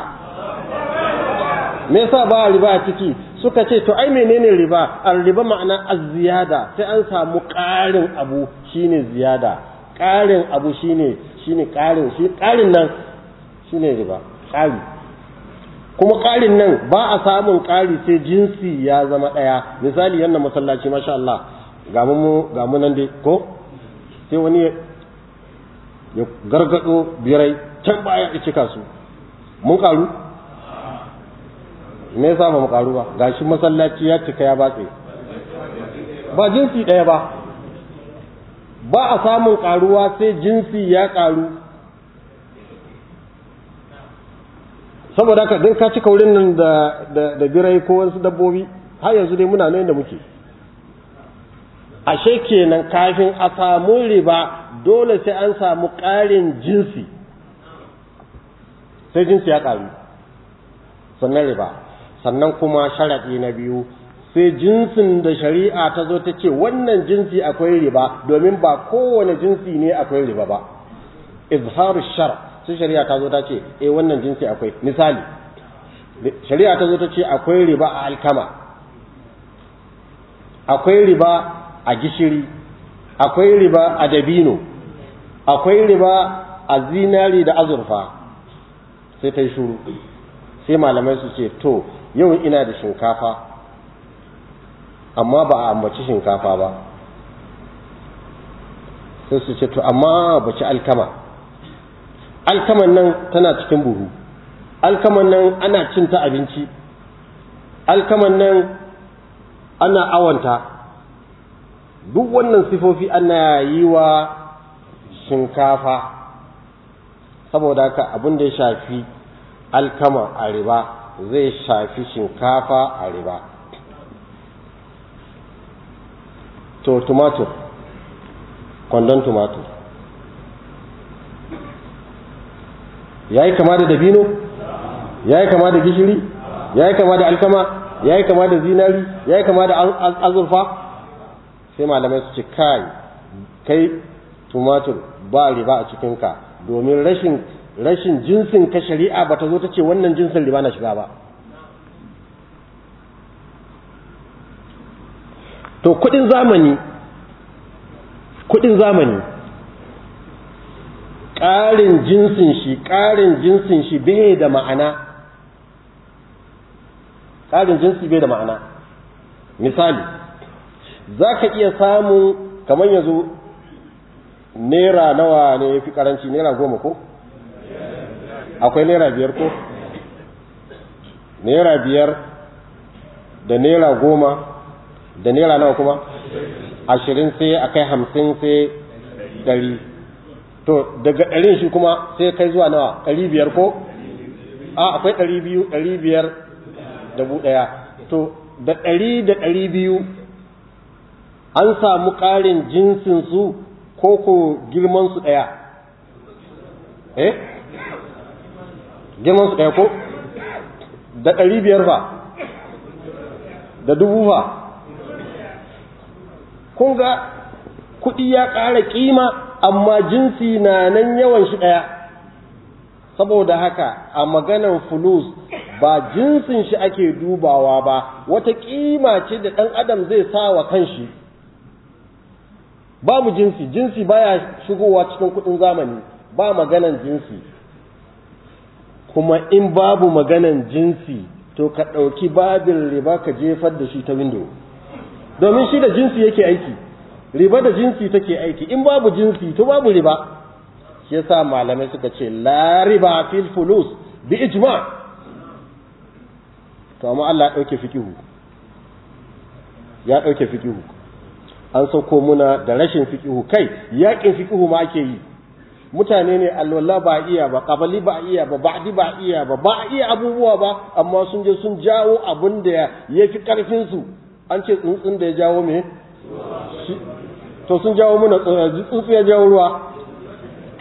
me yasa ba riba a ciki suka ce to ai menene riba al riba ma'ana az-ziyada sai an samu ƙarin abu shine ziyada ƙarin abu shine ne ƙarin shi ƙarin nan ne riba ƙari kuma ƙarin nan ba a samun ƙari sai jinsi ya zama ɗaya misali yannan masallaci masha Allah ga mu nan dai ko sai wani ya gargado birai can baya ya cika su mun karu me yasa ba mu karu ba gashi masallaci ya cika ya batse ba jinsi ɗaya ba ba a samun ƙaruwa sai jinsi ya ƙaru saboda ka din ka cika wurin nan da birai ko wasu dabbobi har yanzu dai muna nan da muke ashe kenan kafin a samu riba dole sai an samu ƙarin jinsi sai jinsi ya ƙaru sannan riba sannan kuma sharaɗi na biyu sai jinsin da shari'a ta zo ta ce wannan jinsi akwai riba domin ba kowane jinsi ne akwai riba ba izharu shar sai shari'a ta zo ta ce eh wannan jinsi akwai misali shari'a ta zo ta ce akwai riba a alkama akwai riba a gishiri akwai riba a dabino akwai riba a zinari da azurfa sai ta yi shuru sai malamai su ce to yau ina da shinkafa amma ba a ambaci shinkafa ba sai su ce to amma ba ci alkama alkaman nan tana cikin buhu alkaman nan ana cin ta abinci alkaman nan ana awanta duk wannan sifofi ana yi wa shinkafa saboda haka abin da ya shafi alkama a riba zai shafi shinkafa a riba to tumatur kwandon tumatur ya yi kama da dabino ya yi kama da gishiri ya yi kama da alkama ya yi kama da zinari ya yi kama da azurfa sai malamai su ce kai kai tumatur ba riba a cikinka domin rashin jinsin ka shari'a ba ta zo ta ce wannan jinsin riba na shiga ba to kudin zamani kudin zamani ƙarin jinsin shi ƙarin jinsin shi bai da ma'ana ƙarin jinsin bai da ma'ana misali za ka iya samun kamar yanzu naira nawa ne fi karanci naira goma ko akwai naira biyar ko naira biyar da naira goma da naira nawa kuma ashirin sai a kai hamsin sai ɗari to daga ɗarin shi kuma sai kai zuwa nawa ɗari biyar ko a akwai ɗari biyu ɗari biyar dubu ɗaya to da ɗari da ɗari biyu an samu ƙarin jinsinsu ko ko girmansu ɗaya eh girmansu ɗaya ko da ɗari biyar fa da dubu fa kun ga kuɗi ya ƙara ƙima amma jinsi na nan yawan shi ɗaya saboda haka a maganar fulus ba jinsin shi ake dubawa ba wata ƙima ce da ɗan adam zai sa wa kanshi babu jinsi jinsi baya shigowa cikin kuɗin zamani ba maganan jinsi kuma in babu maganan jinsi to ka ɗauki babin riba ka jefar da shi ta windo domin shi da jinsi yake aiki riba da jinsi take aiki in babu jinsi to babu riba shi yasa malamai suka ce la riba fil fulus bi ijma to amma Allah ya dauke fikihu ya dauke fikihu an sauko muna da rashin fikihu kai yakin fikihu ma ake yi mutane ne alwala ba iya ba kabali ba iya ba ba'di ba iya ba ba iya abubuwa ba amma sun je sun jawo abin da ya fi karfin su an ce tsuntsun da ya jawo me to sun jawo muna eh, tsuntsun ya jawo ruwa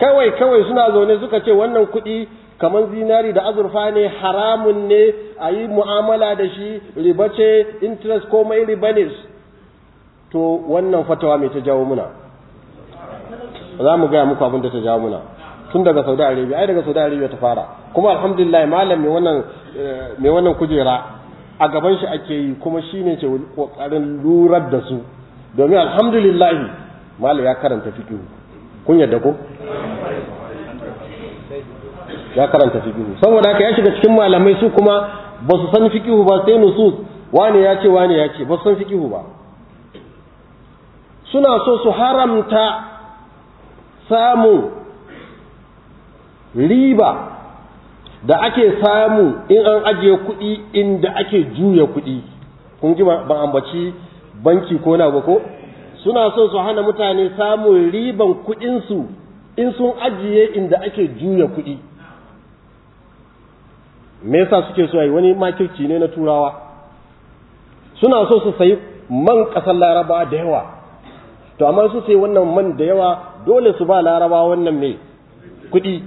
kawai kawai suna zaune suka ce wannan kuɗi kamar zinari da azurfa ne haramun ne a yi mu'amala da shi riba ce interest mai riba ne to wannan fatawa mai ta jawo muna za mu gaya muku abin da ta jawo muna tun daga saudi arabia ai daga saudi arabia ta fara kuma alhamdulillah malam mai eh, wannan kujera a gaban shi ake yi kuma shi ne ke kokarin lurar da su domin alhamdulillahi mala ya karanta fikihu kun yadda ko ya karanta fikihu saboda haka ya shiga cikin malamai su kuma ba su san fikihu ba sai nusus wani ya ce wani ya ce ba su san fikihu ba suna so su haramta samun riba da ake samu in an ajiye kuɗi inda ake juya kuɗi kun ji ban ambaci banki ko na ko suna so su hana mutane samun riban kuɗinsu in sun ajiye inda ake juya kuɗi me yasa suke so yi wani makirci ne na turawa suna so su sayi man ƙasar laraba da yawa to amma su sai wannan man da yawa dole su ba laraba wannan me. kuɗi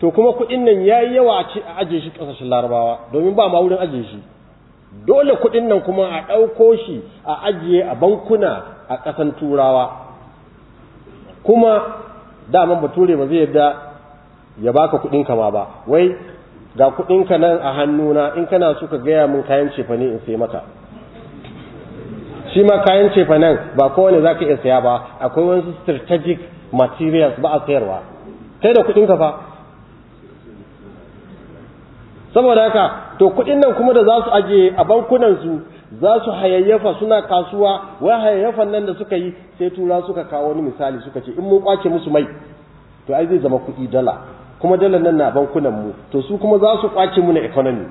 to kuma kuɗin nan ya yi yawa a ajiye shi ƙasashen larabawa domin ba ma wurin ajiye shi dole kuɗin nan kuma a ɗauko shi a ajiye a bankuna a ƙasan turawa kuma daman Ture ba zai yadda ya baka kuɗin ma ba wai ga kuɗinka nan a hannuna in kana so ka gaya min kayan cefa in sai maka shi ma kayan cefa ba kowane za ka iya saya ba akwai wasu strategic materials ba a sayarwa kai da kuɗinka fa saboda haka to kuɗin nan kuma da za su ajiye a bankunan su za su hayayyafa suna kasuwa wai hayayyafan nan da suka yi sai tura suka kawo wani misali suka ce in mun kwace musu mai to ai zai zama kuɗi dala kuma dalar nan na bankunan mu to su kuma za su kwace mu na economy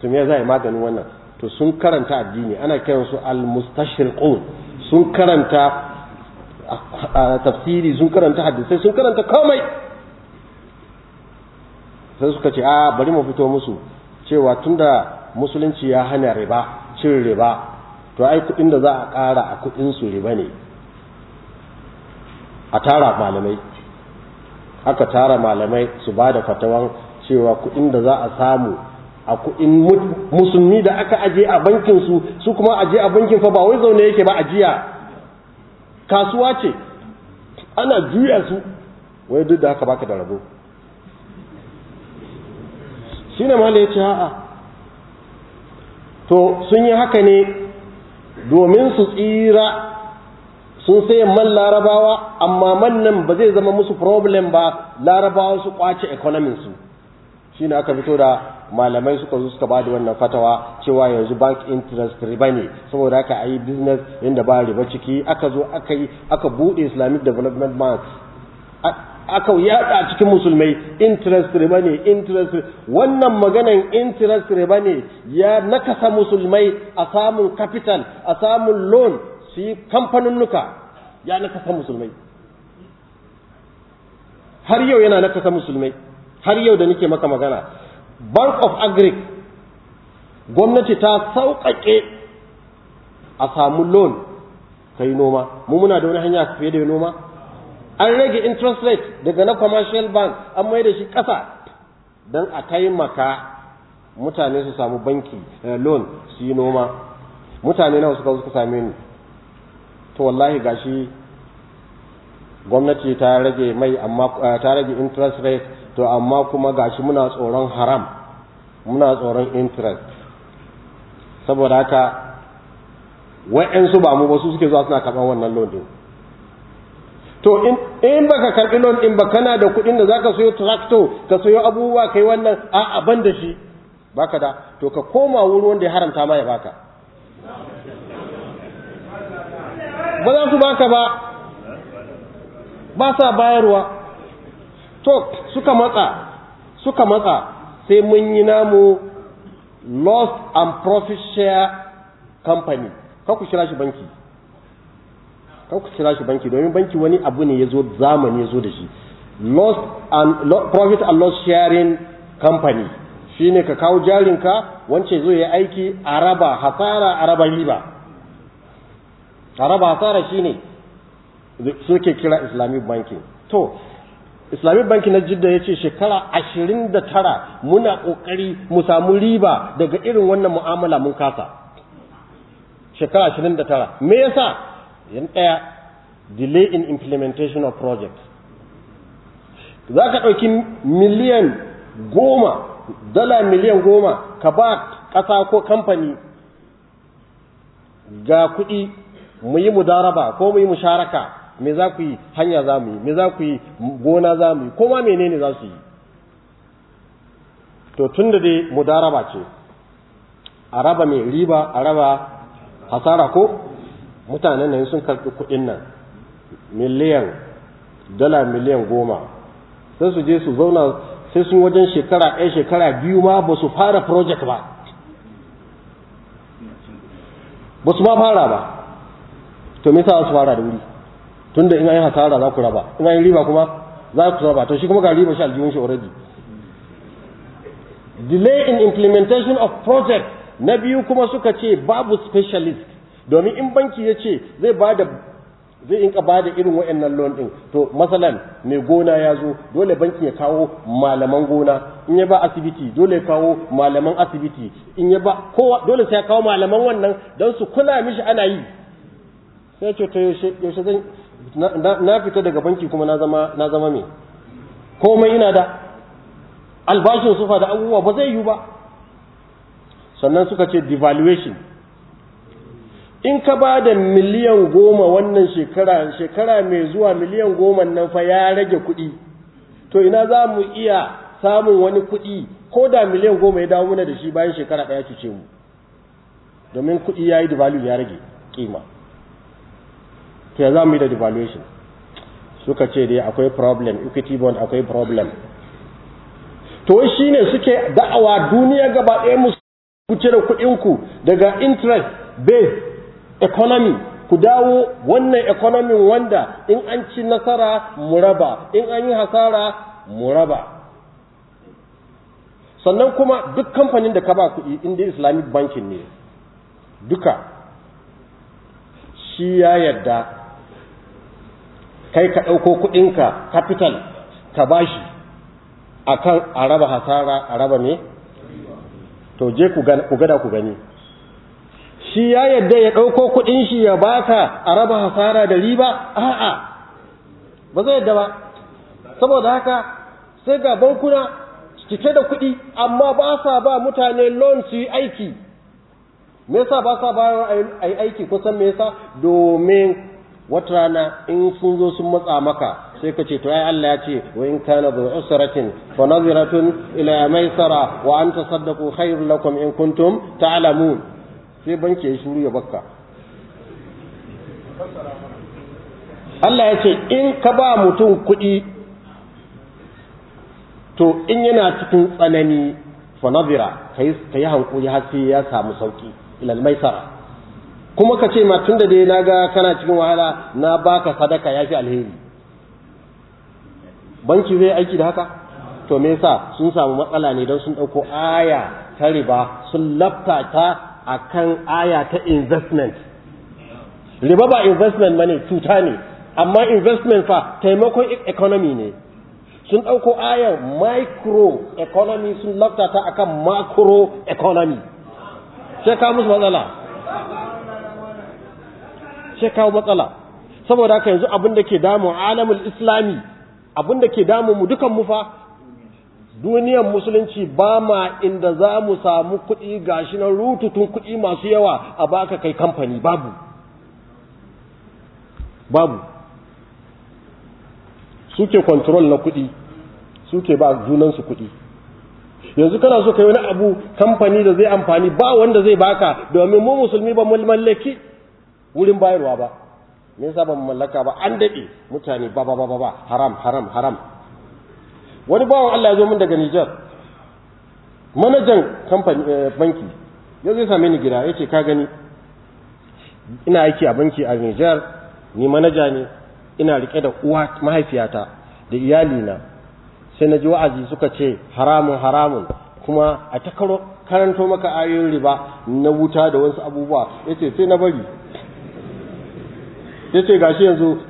to me zai maganin wannan to sun karanta addini ana su al-mustashriqun sun karanta tafsiri sun karanta hadisai sun karanta komai sai suka ce a ah, bari mu fito musu cewa tunda musulunci ya hana riba cin riba to ai kudin da za a ƙara a kudin su riba ne a tara malamai aka tara malamai su ba da fatawan cewa kudin da za a samu a kudin musulmi da aka aje a bankin su su kuma aje a bankin fa ba wai zaune yake ba ajiya kasuwa ce ana juya su wai duk da haka baka da rabo shi ne ma ya ce ha'a? to sun yi haka ne domin su tsira sun sai man larabawa amma man nan ba zai zama musu problem ba larabawa su kwace econominsu shi ne aka fito da malamai suka zo suka ba da wannan fatawa cewa yanzu bank interest riba ne saboda aka yi business inda ba riba ciki aka zo aka yi aka buɗe islamic development bank aka yada cikin musulmai interest riba ne interest wannan maganan interest riba ne ya nakasa musulmai a samun capital a samun loan su yi kamfaninnuka ya nakasa musulmai har yau yana nakasa musulmai har yau da nake maka magana bank of agric gwamnati ta sauƙaƙe a samu loan ka yi noma mu muna da wani hanya fiye da noma an rage interest rate daga na commercial bank an mai da shi ƙasa don a taimaka mutane su samu banki eh, loan su yi noma mutane nawa suka suka sami ni to wallahi gashi gwamnati ta rage mai amma eh, ta rage interest rate to amma kuma gashi muna tsoron haram muna tsoron interest saboda haka wa'yansu ba mu ba su suke zuwa suna karɓar wannan loan din to in baka karɓi loan din ba kana da kuɗin da ka sayo tractor ka sayo abubuwa kai wannan a aban da shi baka da to ka koma wuri wanda ya haramta ma ya baka ba za su baka ba ba sa bayarwa to suka matsa suka matsa sai mun yi namu loss and profit share company ka ku shira shi banki kan ku kira shi banki domin banki wani abu ne ya zo zamani ya zo da shi loss and profit and loss sharing company shine ka kawo jarinka wance zo ya aiki a raba hasara a raba riba a raba hasara shine suke kira islamic banking to islamic banking na jidda ya ce shekara ashirin da tara muna ƙoƙari mu samu riba daga irin wannan mu'amala mun kasa shekara ashirin da tara me yasa yan ɗaya delay in implementation of project za ka ɗauki miliyan goma dala miliyan goma ka ba ƙasa ko kamfani ga kuɗi mu yi mudaraba ko mu yi musharaka me za ku yi hanya za mu yi me za ku yi gona za mu yi ko ma menene za su yi to tun da dai mudaraba ce a raba mai riba a raba hasara ko mutanen nan sun karɓi kuɗin nan miliyan dala miliyan goma sai su je su zauna sai sun wajen shekara ɗaya shekara biyu ma ba su fara project ba ba su ma fara ba to me yasa su fara da wuri tunda in an yi hasara za ku raba in an yi riba kuma za ku raba to shi kuma ga riba shi aljihun shi already delay in implementation of project na biyu kuma suka ce babu specialist domin in banki ya ce zai ba da zai inka ba da irin wa'annan loan din to masalan mai gona ya zo dole banki ya kawo malaman gona in ya ba asibiti dole ya kawo malaman asibiti in ya ba kowa dole sai ya kawo malaman wannan don su kula mishi ana yi sai ce to yaushe zan na fita daga banki kuma na zama na zama me komai ina da albashin sufa da abubuwa ba zai yiwu ba sannan suka ce devaluation in ka ba da miliyan goma wannan shekara shekara mai zuwa miliyan goma nan fa ya rage kuɗi to ina za mu iya samun wani kuɗi ko da miliyan goma ya dawo mana da shi bayan shekara ɗaya cuce mu domin kuɗi ya yi devalue ya rage kima to ya za mu yi da devaluation suka ce dai akwai problem equity bond akwai problem to shi ne suke da'awa duniya gaba ɗaya mu ku cire kuɗinku daga interest base economy ku dawo wannan economy wanda in an ci nasara muraba in an yi hasara muraba sannan kuma duk kamfanin da ka ba kuɗi inda islamic bankin ne duka shi ya yarda. kai ka ɗauko kuɗinka capital ka bashi akan a raba hasara a raba ne to je ku gada ku gani shi ya yadda ya ɗauko kuɗin shi ya baka a raba hasara da riba a'a ba zai yadda ba saboda haka sai ga bankuna cike da kuɗi amma ba sa ba mutane loan su yi aiki me yasa ba sa bayar a yi aiki kusan me yasa domin wata rana in sun zo sun matsa maka sai ka ce to ai Allah ya ce wa in kana bi usratin fa naziratun ila maisara wa an saddaqu khairul lakum in kuntum ta'lamun sai banki ya shuru ya bakka Allah ya ce in ka ba mutum kuɗi to in yana cikin tsanani fa nazira ka yi hankuli har sai ya samu sauki ilal maisara kuma ka ce ma tun da dai na ga kana cikin wahala na baka sadaka ya fi alheri banki zai aiki da haka to me yasa sun samu matsala ne don sun ɗauko aya ta riba sun lafta ta akan aya ta investment riba ba investment bane cuta ne amma investment fa taimakon e- economy ne sun ɗauko ayar micro economy sun lafta ta akan macro economy sai kawo musu matsala sai kawo matsala saboda haka yanzu abin da ke damu alamul islami abin da ke damu mu dukan mu fa duniyar musulunci ba ma inda za mu samu kuɗi gashi na rututun kuɗi masu yawa a baka kai kamfani babu babu suke control na kuɗi suke ba junansu kuɗi yanzu kana so kai wani abu kamfani da zai amfani ba wanda zai baka domin mu musulmi ba mu mallaki wurin bayarwa ba me yasa ba mu mallaka ba an daɗe mutane ba ba ba ba haram haram haram wani bawan Allah ya zo min daga Nijar manajan kamfani eh, banki ya zai same ni gida ya ka gani ina aiki a banki a Nijar ni manaja ne ina rike da uwa mahaifiyata da iyalina sai na ji wa'azi suka ce haramun haramun kuma a ta karanto maka ayoyin riba na wuta da wasu abubuwa ya sai na bari ya ce gashi yanzu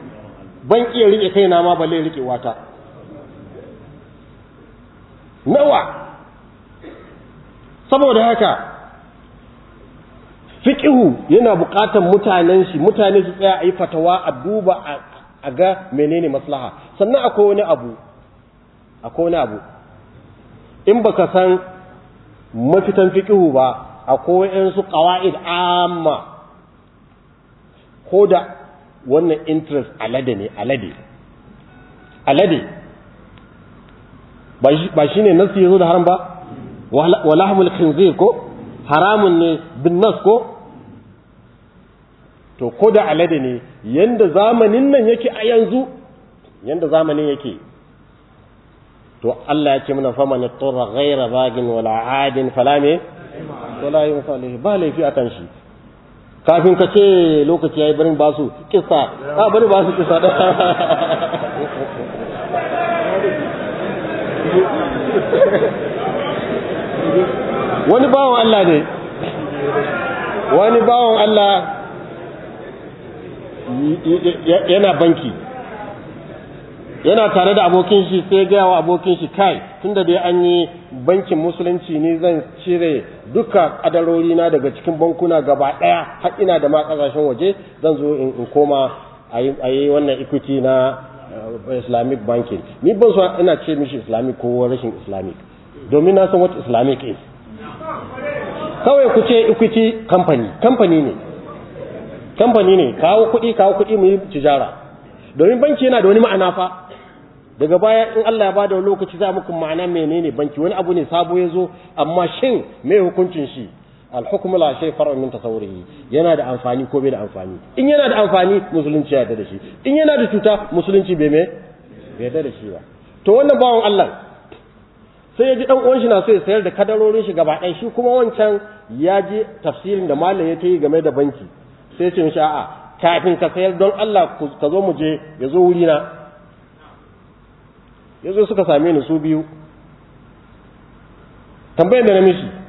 ban iya rike kaina ma balle rike wata nawa saboda haka fiƙihu yana buƙatar mutanen shi mutane su tsaya ayi fatawa a duba a ga menene maslaha sannan akwai wani abu akwai wani abu in baka san mafitan fiƙihu ba akwai su ƙawa'id amma ko da wannan interest alade ne alade alade ba shi ne nasu ya zo da haram ba walahmul khinzir ko haramun ne bin nas ko to ko da alade ne yanda zamanin nan yake a yanzu yanda zamanin yake to Allah ya ce muna fama na tura ghaira bagin wala adin fala me wala yi misali ba laifi a kan shi kafin ka ce lokaci ya yi barin basu kisa ba bari basu kisa wani bawan Allah ne wani bawan Allah yana banki yana tare da abokin shi sai gaya wa abokin shi kai tunda dai an yi bankin musulunci ne zan cire duka kadarori na daga cikin bankuna gaba daya har ina da ma kasashen waje zan zo in koma a yi wannan equity na islamic banking ni ban so ina ce mishi islamic ko rashin islamic domin na san what islamic is kawai ku ce equity company company ne company ne kawo kuɗi kawo kuɗi mu yi tijara domin banki yana da wani ma'ana fa daga baya in Allah ya ba lokaci za muku ma'ana menene banki wani abu ne sabo ya zo amma shin me hukuncin shi الحكم لا شيء فرع من تصوره yana da amfani ko bai da amfani in yana da amfani musulunci ya yarda da shi in yana da cuta musulunci bai me bai da shi ba to wannan bawan Allah sai ya ji dan uwan shi na so ya sayar da kadarorin shi gaba ɗaya shi kuma wancan ya ji tafsirin da malam ta yi game da banki sai ya ce mishi a'a kafin ka sayar don Allah ka zo mu je ya zo wuri ya zo suka same ni su biyu tambayar da na mishi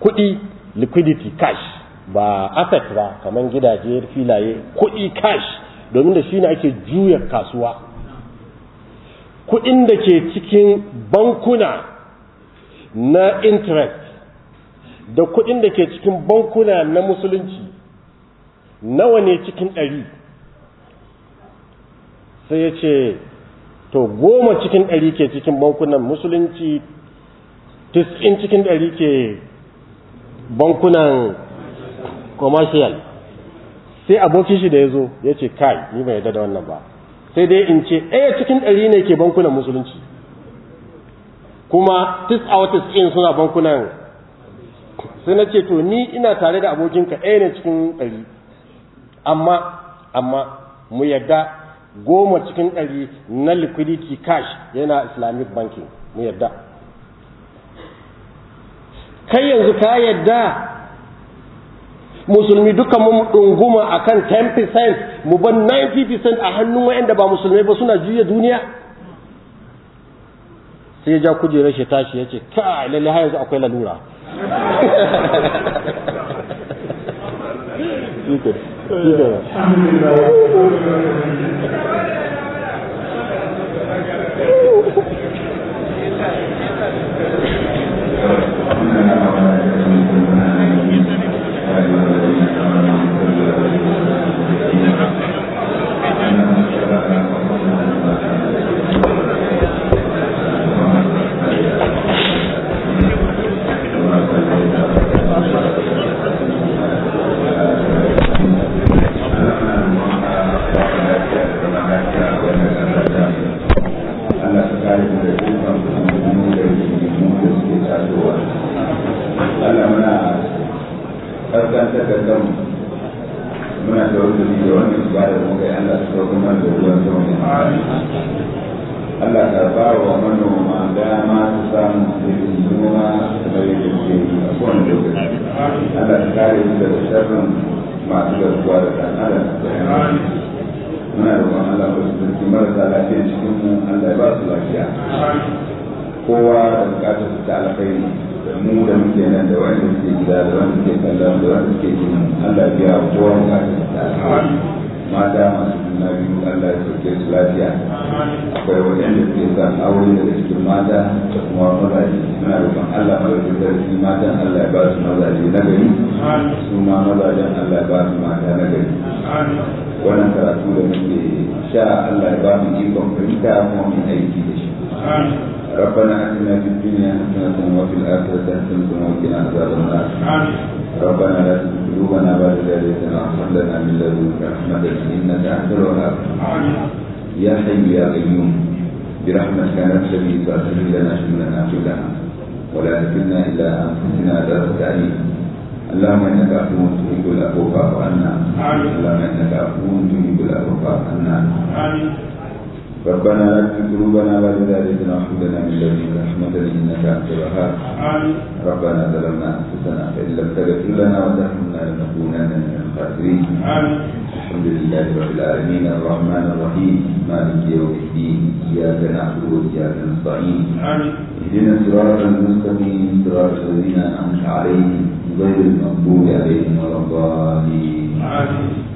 kuɗi liquidity cash ba asset ba kamar gidaje filaye kuɗi cash domin da shi ne ake juya kasuwa kuɗin da ke cikin bankuna na interest da kuɗin da ke cikin bankuna na musulunci nawa ne cikin ɗari sai ya ce to goma cikin ɗari ke cikin bankunan musulunci tis'in cikin ɗari ke bankunan commercial sai abokin shi da ya zo ya ce kai ni bai yadda da wannan ba sai dai in ce ɗaya eh, cikin ɗari ne ke bankunan musulunci kuma out of in suna bankunan sai na ce to ni ina tare da abokinka ɗaya ne cikin ɗari amma amma mu yadda goma cikin ɗari na liquidity cash yana islamic banking mu yadda kai yanzu ka yadda musulmi duka mun ɗunguma a kan 10% mu ban 90% a hannun wa'anda ba musulmai ba suna juya duniya sai ya ja kujerar shi tashi ya ce ka lalle har yanzu akwai lalura Thank you. Thank you. tawassuli da wannan ibada da kai Allah su da ruwan ne Allah wa manoma dama su samu da noma da bai da ke a kowane lokaci Allah ka kare su daga sharrin masu garkuwa da ɗan adam muna Allah ba su zarki marasa lafiya cikin mu Allah ya ba su lafiya kowa da bukatar su ta alkhairi mu da muke nan da wani suke gida da wani suke kallon da wani suke jin Allah biya kowa ya ta mata masu juna biyu Allah ya sauke su lafiya akwai waɗanda suke san aure da cikin mata da kuma mazaje suna roƙon Allah da su matan Allah ya ba su mazaje na gari su ma mazajen Allah ya ba su mata na gari wannan karatu da muke sha Allah ya ba mu ikon fahimta kuma mu aiki da shi ربنا اتنا في الدنيا حسنه وفي الاخره حسنه وقنا عذاب النار ربنا لا تزغ قلوبنا بعد اذ هديتنا وهب لنا من لدنك رحمه انك انت الوهاب يا حي يا قيوم برحمتك نبتلي فاغفر لنا شملنا كلها ولا تكلنا الى انفسنا ذات تعليم اللهم انك عفو تحب العفو فاعف عنا اللهم انك عفو تحب العفو فاعف عنا ربنا لا تزغ قلوبنا بعد إذ هديتنا وهب لنا من لدنك رحمة إنك أنت الوهاب ربنا ظلمنا أنفسنا فإن لم تغفر لنا وترحمنا لنكونن من الخاسرين الحمد لله رب العالمين الرحمن الرحيم مالك يوم الدين إياك نعبد وإياك نستعين اهدنا صراط المستقيم صراط الذين أنعمت عليهم غير المغضوب عليهم ولا الضالين